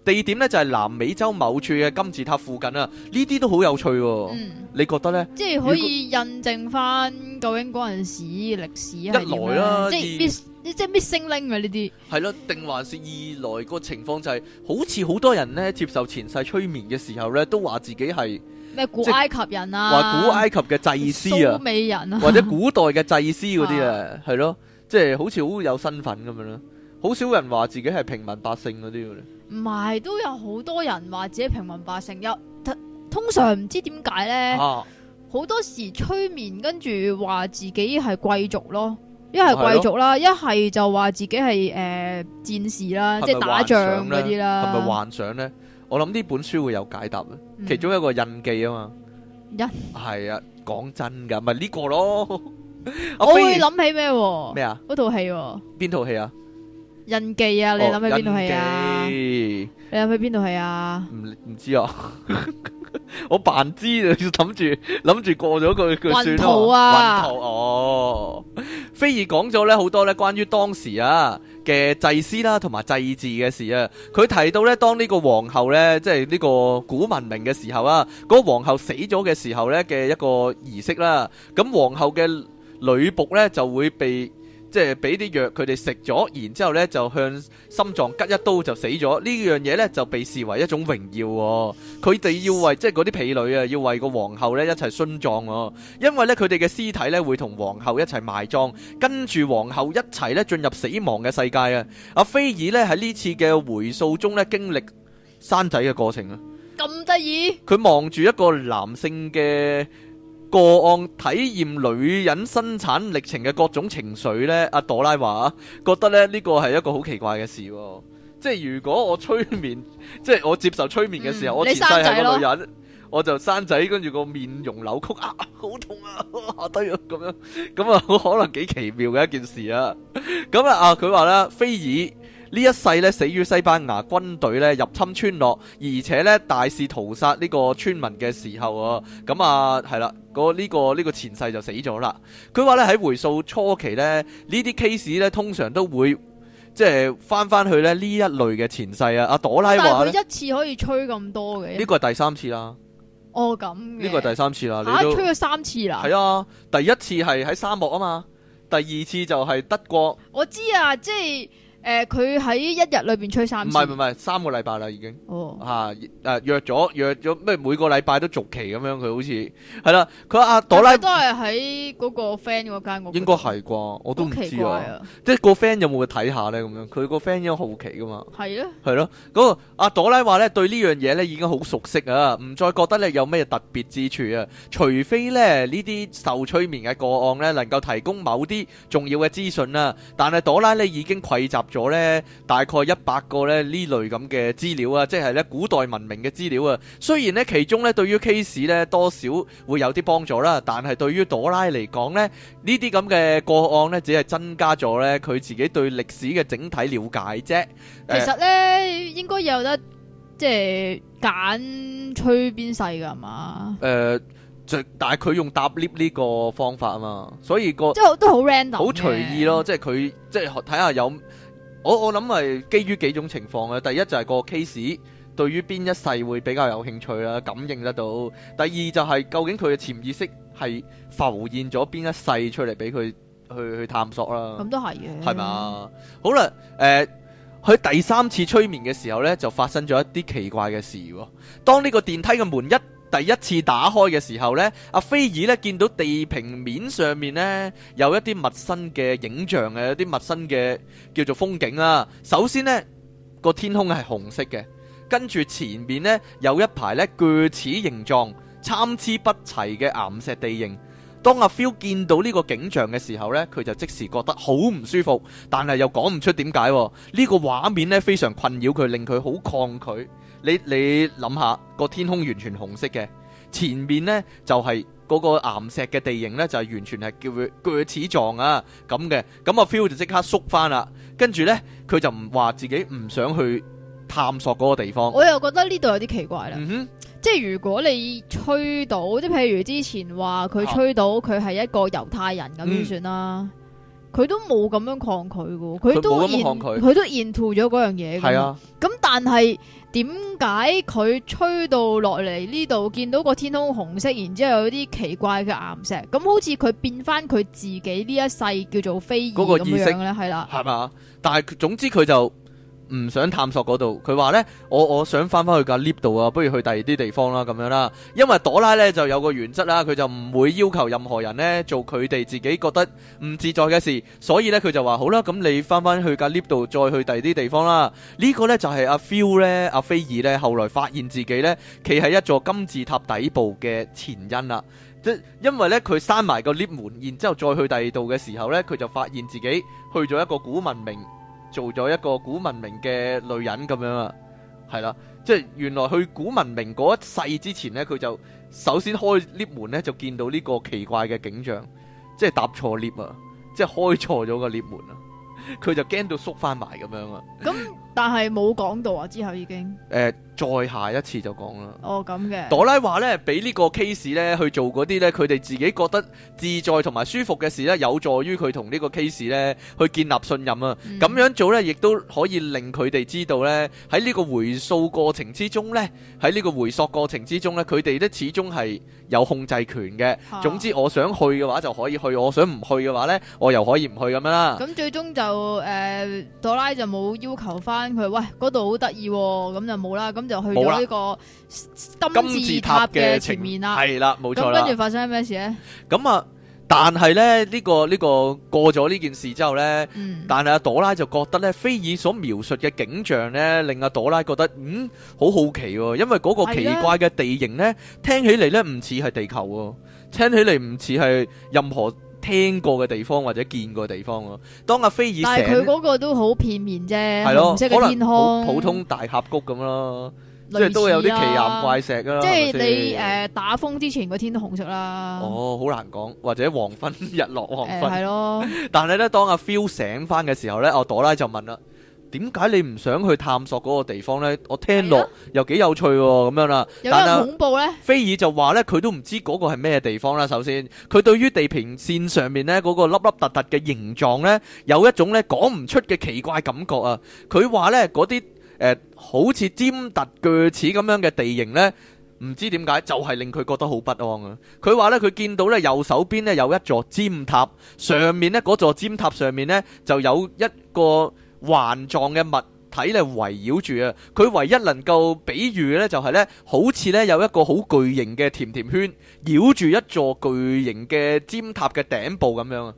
地點咧就係南美洲某處嘅金字塔附近啊！呢啲都好有趣。嗯，你覺得咧？即係可以果印證翻究竟嗰陣時歷史一來啦，即係必即係 Missing Link 啊？呢啲係咯，定即、啊、還是二來個情況就係、是，好似好多人咧接受前世催眠嘅時候咧，都話自己係。咩古埃及人啊？話古埃及嘅祭司啊，蘇美人啊？或者古代嘅祭司嗰啲啊，係咯， 即係好似好有身份咁樣咯。好少人話自己係平民百姓嗰啲嘅。唔係，都有好多人話自己是平民百姓。又通常唔知點解咧，好多時催眠跟住話自己係貴族咯，一係貴族啦，一係就話自己係誒戰士啦，即係打仗嗰啲啦。係咪幻想咧？我諗呢本書會有解答啦，其中一個是印記啊嘛，一、嗯？係啊，講真噶，咪、就、呢、是、個咯。我會諗起咩？咩啊？嗰套戲？邊套戲啊？印記啊？你諗起邊套戲啊？哦、你諗起邊套戲啊？唔唔知啊， 我扮知啊，要諗住諗住過咗佢佢算好啊，雲圖哦。菲兒講咗咧好多咧，關於當時啊，嘅祭司啦，同埋祭祀嘅事啊，佢提到咧，當呢個皇后咧，即係呢個古文明嘅時候啊，嗰皇后死咗嘅時候咧嘅一個儀式啦，咁皇后嘅女僕咧就會被。即係俾啲藥佢哋食咗，然之後呢就向心臟拮一刀就死咗。呢樣嘢呢就被視為一種榮耀。佢哋要為即係嗰啲婢女啊，要為個皇后呢一齊殉葬。因為呢佢哋嘅屍體呢會同皇后一齊埋葬，跟住皇后一齊呢進入死亡嘅世界啊！阿菲爾呢喺呢次嘅回溯中呢經歷生仔嘅過程啊！咁得意？佢望住一個男性嘅。個案體驗女人生產歷程嘅各種情緒呢，阿、啊、朵拉話覺得呢呢個係一個好奇怪嘅事、啊，即係如果我催眠，即係我接受催眠嘅時候，嗯、我前世係個女人，我就生仔，跟住個面容扭曲啊，好痛啊，得咁樣，咁啊可能幾奇妙嘅一件事啊，咁 啊啊佢話咧，菲爾呢一世呢死於西班牙軍隊呢入侵村落，而且呢大肆屠殺呢個村民嘅時候啊，咁啊係啦。呢、呢個呢、呢個前世就死咗啦。佢話咧，喺回溯初期咧，這些呢啲 case 咧，通常都會即係翻翻去咧呢一類嘅前世啊。阿朵拉話是呢，但係佢一次可以吹咁多嘅？呢個係第三次啦。哦，咁呢個係第三次啦。你、啊、吹咗三次啦。係啊，第一次係喺沙漠啊嘛。第二次就係德國。我知啊，即係。誒，佢喺、呃、一日裏邊吹散，唔係唔係，三個禮拜啦已經。哦、oh. 啊，吓誒約咗約咗咩？每個禮拜都續期咁樣，佢好似係啦。佢阿朵拉是是都係喺嗰個 friend 嗰間屋。應該係啩？我都唔知啊。即係個 friend 有冇去睇下咧？咁樣佢個 friend 有好奇噶嘛？係咧呢，係咯。嗰、嗰個阿朵拉話咧，對呢樣嘢咧已經好熟悉啊，唔再覺得咧有咩特別之處啊。除非咧呢啲受催眠嘅個案咧，能夠提供某啲重要嘅資訊啦。但係朵拉咧已經匯集。咗咧，大概一百個咧呢類咁嘅資料啊，即係咧古代文明嘅資料啊。雖然咧其中咧對於 case 咧多少會有啲幫助啦，但係對於朵拉嚟講咧呢啲咁嘅個案咧，只係增加咗咧佢自己對歷史嘅整體了解啫。其實咧、呃、應該有得即係揀催邊世㗎嘛？誒、呃，就但係佢用搭 lift 呢個方法啊嘛，所以個即係都好 random，好隨意咯，即係佢即係睇下有。我我諗係基於幾種情況嘅。第一就係個 case 對於邊一世會比較有興趣啦，感應得到；第二就係究竟佢嘅潛意識係浮現咗邊一世出嚟俾佢去去探索啦。咁都係嘅，係嘛？好啦，誒、呃，佢第三次催眠嘅時候呢，就發生咗一啲奇怪嘅事喎。當呢個電梯嘅門一第一次打開嘅時候呢，阿菲爾呢見到地平面上面呢有一啲陌生嘅影像嘅，有啲陌生嘅叫做風景啊。首先呢個天空係紅色嘅，跟住前面呢有一排呢鋸齒形狀、參差不齊嘅岩石地形。當阿 Feel 見到呢個景象嘅時候呢，佢就即時覺得好唔舒服，但係又講唔出點解。呢個畫面呢，非常困擾佢，令佢好抗拒。你你諗下個天空完全紅色嘅，前面呢，就係嗰個岩石嘅地形呢，就係完全係叫佢鋸齒狀啊咁嘅。咁阿 Feel 就即刻縮翻啦，跟住呢，佢就唔話自己唔想去探索嗰個地方。我又覺得呢度有啲奇怪啦。嗯哼即係如果你吹到，即係譬如之前話佢吹到佢係一個猶太人咁算啦，佢、嗯、都冇咁樣抗拒嘅，佢都沿佢都沿途咗嗰樣嘢。係啊，咁但係點解佢吹到落嚟呢度見到個天空紅色，然之後有啲奇怪嘅岩石，咁好似佢變翻佢自己呢一世叫做飛移咁樣嘅咧？係啦，係嘛了？但係總之佢就。唔想探索嗰度，佢話呢：我「我我想翻翻去架 lift 度啊，不如去第二啲地方啦，咁樣啦。因為朵拉呢就有個原則啦，佢就唔會要求任何人呢做佢哋自己覺得唔自在嘅事，所以呢，佢就話好啦，咁你翻翻去架 lift 度，再去第二啲地方啦。呢、呢個呢就係阿 Phil 呢，阿、啊、菲爾呢後來發現自己呢企喺一座金字塔底部嘅前因啦。即因為呢，佢閂埋個 lift 門，然之後再去第二度嘅時候呢，佢就發現自己去咗一個古文明。做咗一個古文明嘅女人咁樣啊，係啦，即係原來去古文明嗰一世之前呢，佢就首先開 𨋢 門呢，就見到呢個奇怪嘅景象，即係搭錯 𨋢 啊，即係開錯咗個 𨋢 門啊。佢就驚到縮翻埋咁樣啊！咁但係冇講到啊，之後已經誒、呃，再下一次就講啦。哦，咁嘅朵拉話呢，俾呢個 case 呢去做嗰啲呢，佢哋自己覺得自在同埋舒服嘅事呢，有助於佢同呢個 case 呢去建立信任啊。咁、嗯、樣做呢，亦都可以令佢哋知道呢，喺呢個回溯過程之中呢，喺呢個回溯過程之中呢，佢哋都始終係。有控制權嘅，總之我想去嘅話就可以去，我想唔去嘅話咧，我又可以唔去咁樣啦、啊。咁最終就誒、呃，朵拉就冇要求翻佢，喂，嗰度好得意喎，咁就冇啦，咁就去咗呢個金字塔嘅前面啦。係啦，冇錯啦。咁跟住發生咩事咧？咁啊。但係咧，呢、這個呢、這個過咗呢件事之後呢，嗯、但係阿朵拉就覺得呢，菲爾所描述嘅景象呢，令阿朵拉覺得嗯好好奇、哦，因為嗰個奇怪嘅地形呢，是的聽起嚟呢唔似係地球、哦，聽起嚟唔似係任何聽過嘅地方或者見過嘅地方、哦。當阿菲爾，但係佢嗰個都好片面啫，紅色嘅天空，普通大峽谷咁咯。啊、即係都會有啲奇岩怪石㗎喇！即係你誒、呃、打風之前個天都紅色啦。哦，好難講，或者黃昏、日落、黃昏係、欸、咯。 但係咧，當阿 Phil 醒翻嘅時候咧，阿朵拉就問啦，點解你唔想去探索嗰個地方咧？我聽落又幾有趣咁、啊、樣啦。但是有咩恐怖咧？菲爾就話咧，佢都唔知嗰個係咩地方啦。首先，佢對於地平線上面咧嗰，那個凹凹凸凸嘅形狀咧，有一種咧講唔出嘅奇怪感覺啊！佢話咧嗰啲，誒、呃，好似尖突鋸齒咁樣嘅地形呢，唔知點解就係令佢覺得好不安啊！佢話呢，佢見到呢，右手邊呢有一座尖塔，上面呢，嗰座尖塔上面呢，就有一個環狀嘅物體嚟圍繞住啊！佢唯一能夠比喻嘅呢就係呢，好似呢，有一個好巨型嘅甜甜圈繞住一座巨型嘅尖塔嘅頂部咁樣啊！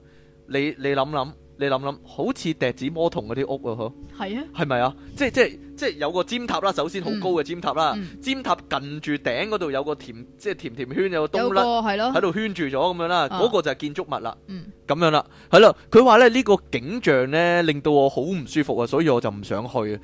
你你諗諗。你諗諗，好似笛子魔童嗰啲屋啊，嗬，係啊，係咪啊？即係，即係。即係有個尖塔啦，首先好高嘅尖塔啦，嗯、尖塔近住頂嗰度有個甜，即係甜甜圈有個冬甩，係咯，喺度圈住咗咁樣啦，嗰、嗰個就係建築物啦，咁、嗯、樣啦，係啦，佢話咧呢、呢個景象咧令到我好唔舒服啊，所以我就唔想去啊。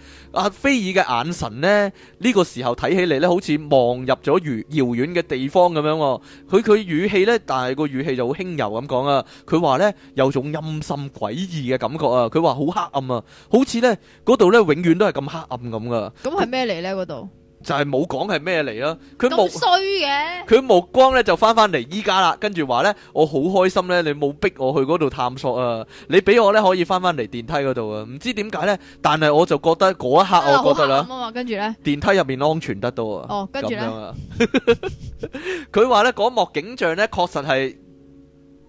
阿菲爾嘅眼神咧呢、呢個時候睇起嚟咧，好似望入咗遙遙遠嘅地方咁樣、啊。佢佢語氣咧，但係個語氣就好輕柔咁講啊。佢話咧有種陰森詭異嘅感覺啊，佢話好黑暗啊，好似咧嗰度咧永遠都係咁黑暗。咁噶，咁係咩嚟呢？嗰度就係冇講係咩嚟啦。佢冇衰嘅，佢目光咧就翻翻嚟依家啦。跟住話咧，我好開心咧，你冇逼我去嗰度探索啊。你俾我咧可以翻翻嚟電梯嗰度啊。唔知點解咧，但係我就覺得嗰一刻我覺得啦，跟住咧電梯入面安全得多啊。哦，跟住咁樣。佢話咧嗰一幕景象咧，確實係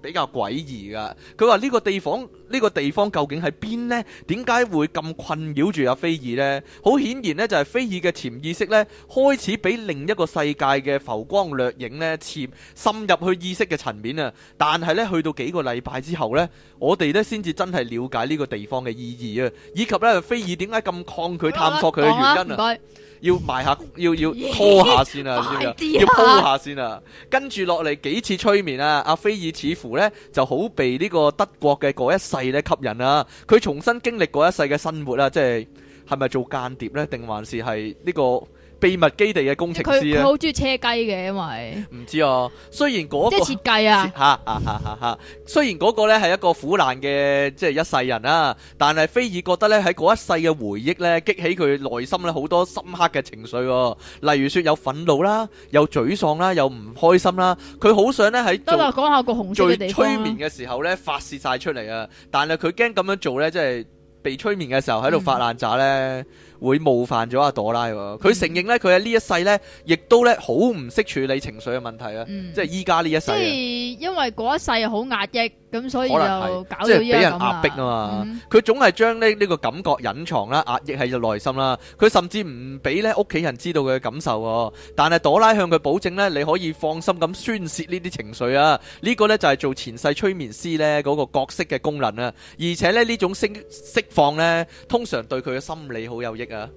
比較詭異噶。佢話呢個地方。呢個地方究竟喺邊咧？點解會咁困擾住阿菲爾咧？好顯然咧，就係菲爾嘅潛意識咧，開始俾另一個世界嘅浮光掠影咧，潛深入去意識嘅層面啊！但係咧，去到幾個禮拜之後咧，我哋咧先至真係了解呢個地方嘅意義啊，以及咧菲爾點解咁抗拒探索佢嘅原因啊？要埋下，要要拖下先啊！ 要鋪下先啊！跟住落嚟幾次催眠啊！阿菲爾似乎咧就好被呢個德國嘅嗰一世。係咧吸引啦、啊，佢重新經歷過一世嘅生活啦，即係係咪做間諜咧，定還是係、這、呢個？秘密基地嘅工程師咧，佢佢好中意車雞嘅，因為唔知哦、啊。雖然嗰、那個即係設計啊，吓吓吓吓吓。雖然嗰個咧係一個苦難嘅即係一世人啦、啊，但係菲爾覺得咧喺嗰一世嘅回憶咧激起佢內心咧好多深刻嘅情緒、啊，例如說有憤怒啦、啊，有沮喪啦，又唔開心啦、啊。佢好想咧喺都啦，講下個紅書地催眠嘅時候咧，發泄晒出嚟啊！但係佢驚咁樣做咧，即係被催眠嘅時候喺度發爛渣咧。會冒犯咗阿朵拉喎，佢承認呢，佢喺呢一世呢，亦都呢好唔識處理情緒嘅問題啊，嗯、即係依家呢一世。即係所以因為嗰一世好壓抑。咁所以就搞係俾人壓迫啊嘛，佢、嗯、總係將呢呢個感覺隱藏啦，壓抑喺個內心啦。佢甚至唔俾咧屋企人知道佢嘅感受喎。但係朵拉向佢保證咧，你可以放心咁宣泄呢啲情緒啊。呢、呢個咧就係做前世催眠師咧嗰個角色嘅功能啦。而且咧呢種釋釋放咧，通常對佢嘅心理好有益啊。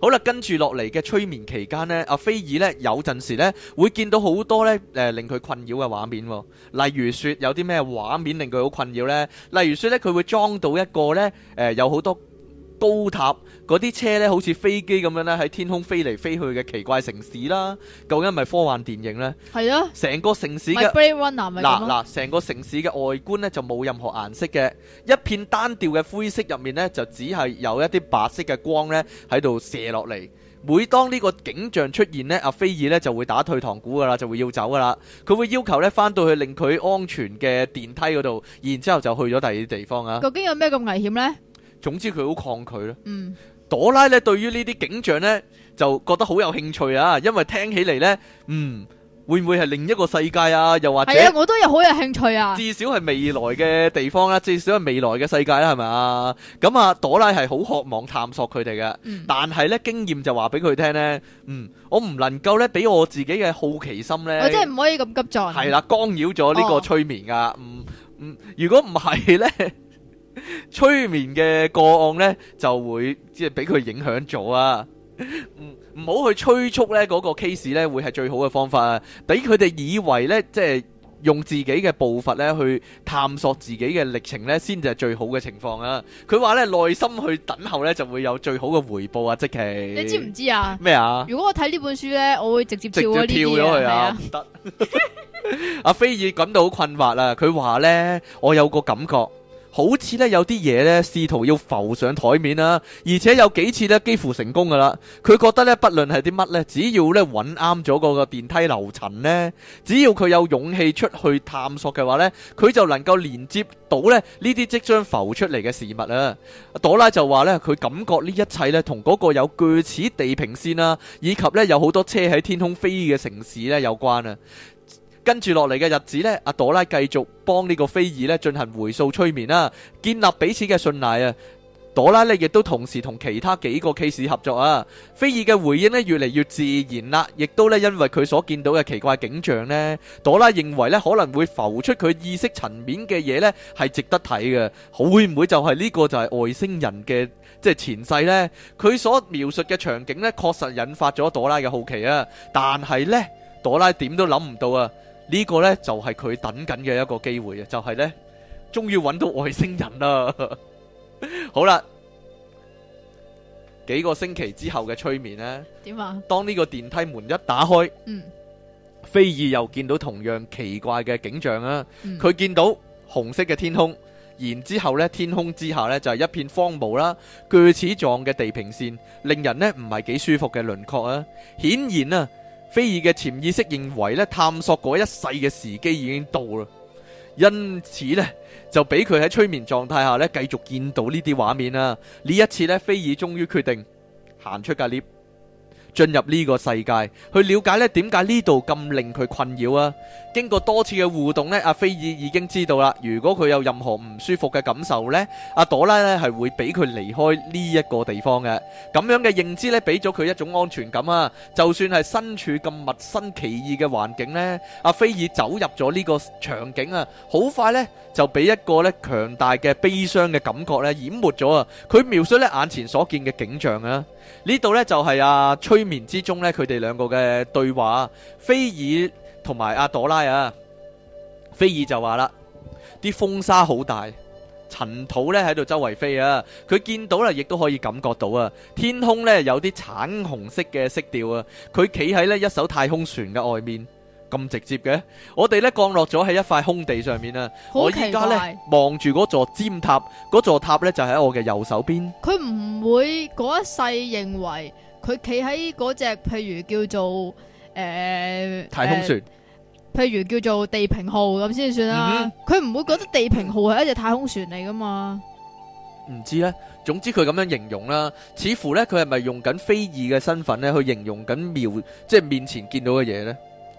好啦，跟住落嚟嘅催眠期間呢，阿菲爾呢有陣時呢會見到好多呢、呃、令佢困擾嘅畫面，哦，例如説有啲咩畫面令佢好困擾呢？例如説呢佢會裝到一個呢、呃、有好多。高塔嗰啲車咧，好似飛機咁樣咧，喺天空飛嚟飛去嘅奇怪城市啦，究竟係咪科幻電影呢？係啊的，成個城市嘅嗱嗱，成個城市嘅外觀呢，就冇任何顏色嘅，一片單調嘅灰色入面呢，就只係有一啲白色嘅光呢喺度射落嚟。每當呢個景象出現呢，阿菲爾呢就會打退堂鼓噶啦，就會要走噶啦。佢會要求呢，翻到去令佢安全嘅電梯嗰度，然之後就去咗第二地方啊。究竟有咩咁危險呢？總之佢好抗拒咯，嗯，朵拉咧對於呢啲景象咧就覺得好有興趣啊，因為聽起嚟咧，嗯，會唔會係另一個世界啊？又或者係啊，我都有好有興趣啊。至少係未來嘅地方啦， 至少係未來嘅世界啦，係咪啊？咁啊，朵拉係好渴望探索佢哋嘅。嗯、但係咧經驗就話俾佢聽咧，嗯，我唔能夠咧俾我自己嘅好奇心咧，我真係唔可以咁急躁、啊。係啦、啊，干擾咗呢個催眠噶、啊哦嗯。嗯，如果唔係咧。 催眠嘅個案呢，就會即係俾佢影響咗啊，唔唔好去催促呢嗰個 case 呢，會係最好嘅方法啊，俾佢哋以為呢，即係用自己嘅步伐呢去探索自己嘅歷程呢，先至係最好嘅情況啊。佢話呢，耐心去等候呢，就會有最好嘅回報啊！即係你知唔知啊？咩啊？如果我睇呢本書呢，我會直接跳咗佢啊！唔得，阿菲爾感到好困惑啊！佢話呢，我有個感覺。好似咧有啲嘢咧，試圖要浮上台面啦，而且有幾次咧幾乎成功噶啦。佢覺得咧，不論係啲乜咧，只要咧揾啱咗個電梯樓層咧，只要佢有勇氣出去探索嘅話咧，佢就能夠連接到咧呢啲即將浮出嚟嘅事物啊。朵拉就話咧，佢感覺呢一切咧同嗰個有鋸齒地平線啦，以及咧有好多車喺天空飛嘅城市咧有關啊。跟住落嚟嘅日子呢，阿朵拉繼續幫呢個菲爾呢進行回溯催眠啦，建立彼此嘅信賴啊。朵拉呢亦都同時同其他幾個 case 合作啊。菲爾嘅回應呢越嚟越自然啦，亦都呢因為佢所見到嘅奇怪景象呢，朵拉認為呢可能會浮出佢意識層面嘅嘢呢係值得睇嘅，會唔會就係呢個就係外星人嘅即係前世呢？佢所描述嘅場景呢確實引發咗朵拉嘅好奇啊，但係呢，朵拉點都諗唔到啊！呢個呢，就係、是、佢等緊嘅一個機會啊！就係、是、呢，終於揾到外星人啦！ 好啦，幾個星期之後嘅催眠呢，點啊？當呢個電梯門一打開，嗯，菲爾又見到同樣奇怪嘅景象啦，啊。佢、嗯、見到紅色嘅天空，然之後咧，天空之下呢，就係、是、一片荒蕪啦，鋸齒狀嘅地平線，令人呢唔係幾舒服嘅輪廓啊！顯然啊。菲爾嘅潛意識認為咧，探索嗰一世嘅時機已經到啦，因此呢，就俾佢喺催眠狀態下咧繼續見到呢啲畫面啦。呢一次呢，菲爾終於決定行出個進入呢個世界去了解咧，點解呢度咁令佢困擾啊？經過多次嘅互動咧，阿菲爾已經知道啦。如果佢有任何唔舒服嘅感受咧，阿朵拉咧係會俾佢離開呢一個地方嘅。咁樣嘅認知咧，俾咗佢一種安全感啊。就算係身處咁陌生奇異嘅環境咧，阿菲爾走入咗呢個場景啊，好快咧就俾一個咧強大嘅悲傷嘅感覺咧淹沒咗啊！佢描述咧眼前所見嘅景象啊。呢度呢就係啊，催眠之中呢，佢哋兩個嘅對話。菲爾同埋阿朵拉啊，菲爾就話啦，啲風沙好大，塵土呢喺度周圍飛啊。佢見到啦，亦都可以感覺到啊，天空呢有啲橙紅色嘅色調啊。佢企喺呢一艘太空船嘅外面。咁直接嘅，我哋咧降落咗喺一塊空地上面啊。我而家咧望住嗰座尖塔，嗰座塔咧就喺我嘅右手邊。佢唔會嗰一世認為佢企喺嗰隻，譬如叫做誒太空船，譬如叫做地平號咁先算啦。佢唔會覺得地平號係一隻太空船嚟噶嘛？唔知咧，總之佢咁樣形容啦，似乎咧佢係咪用緊非裔嘅身份咧去形容緊描，即係面前見到嘅嘢咧？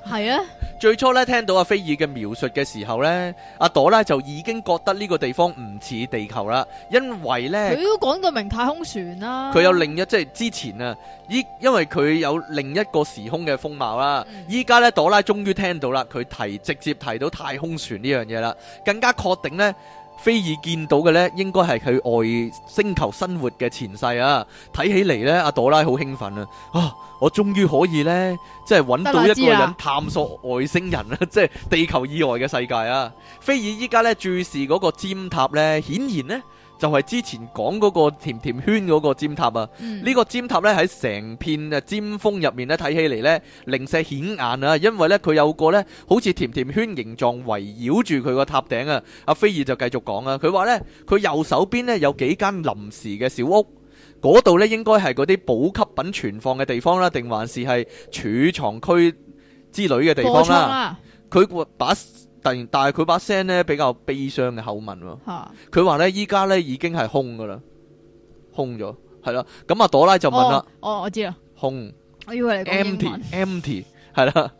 係啊！最初咧聽到阿、啊、菲爾嘅描述嘅時候咧，阿、啊、朵拉就已經覺得呢個地方唔似地球啦，因為咧佢都講到明太空船啦、啊。佢有另一即係之前啊，依因為佢有另一個時空嘅風貌啦。依家咧朵拉終於聽到啦，佢提直接提到太空船呢樣嘢啦，更加確定咧。菲爾見到嘅呢，應該係佢外星球生活嘅前世啊！睇起嚟呢阿朵拉好興奮啊！啊，我終於可以呢，即係揾到一個人探索外星人啦！即係 地球以外嘅世界啊！菲爾依家呢，注視嗰個尖塔呢，顯然呢。就係之前講嗰個甜甜圈嗰個尖塔啊！呢、嗯、個尖塔咧喺成片嘅尖峰入面咧，睇起嚟咧，零舍顯眼啊！因為咧佢有個咧好似甜甜圈形狀圍繞住佢個塔頂啊！阿菲爾就繼續講啊，佢話咧佢右手邊咧有幾間臨時嘅小屋，嗰度咧應該係嗰啲補給品存放嘅地方啦，定還是係儲藏區之類嘅地方啦？佢窗把突然，但係佢把聲咧比較悲傷嘅口吻咯。佢話咧，依家咧已經係空噶啦，空咗係啦。咁阿朵拉就問啦、哦哦，我我知啦，空。我以為你 empty empty 係啦。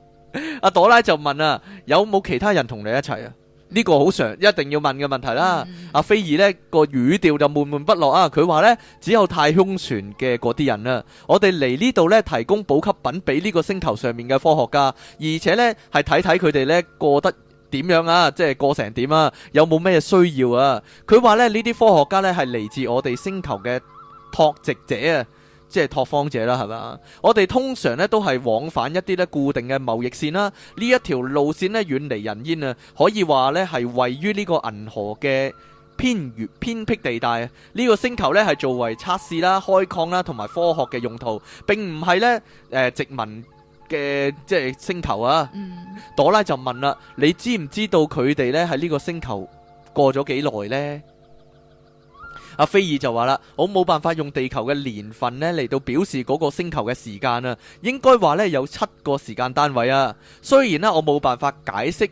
阿朵拉就問啦：有冇其他人同你一齊啊？呢、這個好常一定要問嘅問題啦。阿、嗯、菲兒呢個語調就悶悶不樂啊。佢話呢，只有太空船嘅嗰啲人啦。我哋嚟呢度呢，提供補給品俾呢個星球上面嘅科學家，而且呢，係睇睇佢哋呢過得。點樣啊？即係過成點啊？有冇咩需要啊？佢話咧呢啲科學家呢係嚟自我哋星球嘅拓殖者啊，即係拓荒者啦，係咪啊？我哋通常呢都係往返一啲咧固定嘅貿易線啦。呢一條路線呢，遠離人煙啊，可以話呢係位於呢個銀河嘅偏遠偏僻地帶。呢、這個星球呢係作為測試啦、開礦啦同埋科學嘅用途，並唔係呢誒殖民嘅即係星球啊。朵拉就問啦：你知唔知道佢哋呢喺呢個星球過咗幾耐呢？」阿菲爾就話啦：我冇辦法用地球嘅年份呢嚟到表示嗰個星球嘅時間啊，應該話呢，有七個時間單位啊。雖然呢，我冇辦法解釋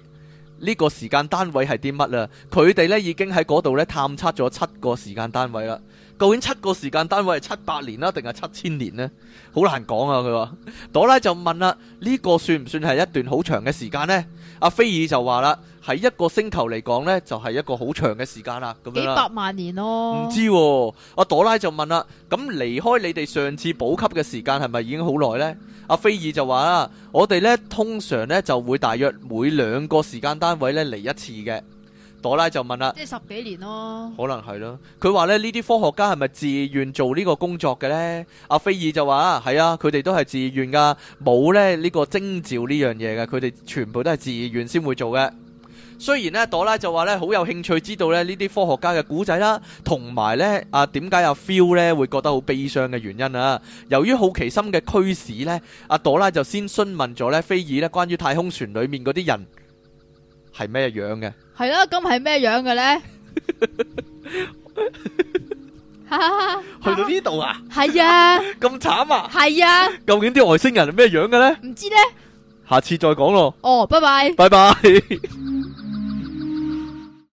呢個時間單位係啲乜啊，佢哋呢已經喺嗰度呢探測咗七個時間單位啦。究竟七個時間單位係七百年啦，定係七千年呢？好難講啊！佢話，朵拉就問啦：呢個算唔算係一段好長嘅時間呢？阿菲爾就話啦：喺一個星球嚟講呢，就係一個好長嘅時間啦。咁樣幾百萬年咯？唔知喎。阿朵拉就問啦：咁離開你哋上次補給嘅時間係咪已經好耐呢？阿菲爾就話啦：我哋呢，通常呢就會大約每兩個時間單位呢嚟一次嘅。朵拉就問啦，即係十幾年咯，可能係咯。佢話咧，呢啲科學家係咪自願做呢個工作嘅呢？阿菲爾就話，係啊，佢哋都係自願噶，冇咧呢個徵召呢樣嘢嘅，佢哋全部都係自願先會做嘅。雖然呢，朵拉就話呢，好有興趣知道咧呢啲科學家嘅古仔啦，同埋呢啊點解阿 Phil 呢會覺得好悲傷嘅原因啊？由於好奇心嘅驅使呢，阿、啊、朵拉就先詢問咗呢菲爾咧關於太空船裏面嗰啲人係咩樣嘅。係咯，咁係咩樣嘅咧？去到呢度啊！係啊！咁慘啊！係啊！究竟啲外星人係咩樣嘅咧？唔知咧，下次再講咯。哦，拜拜，拜拜。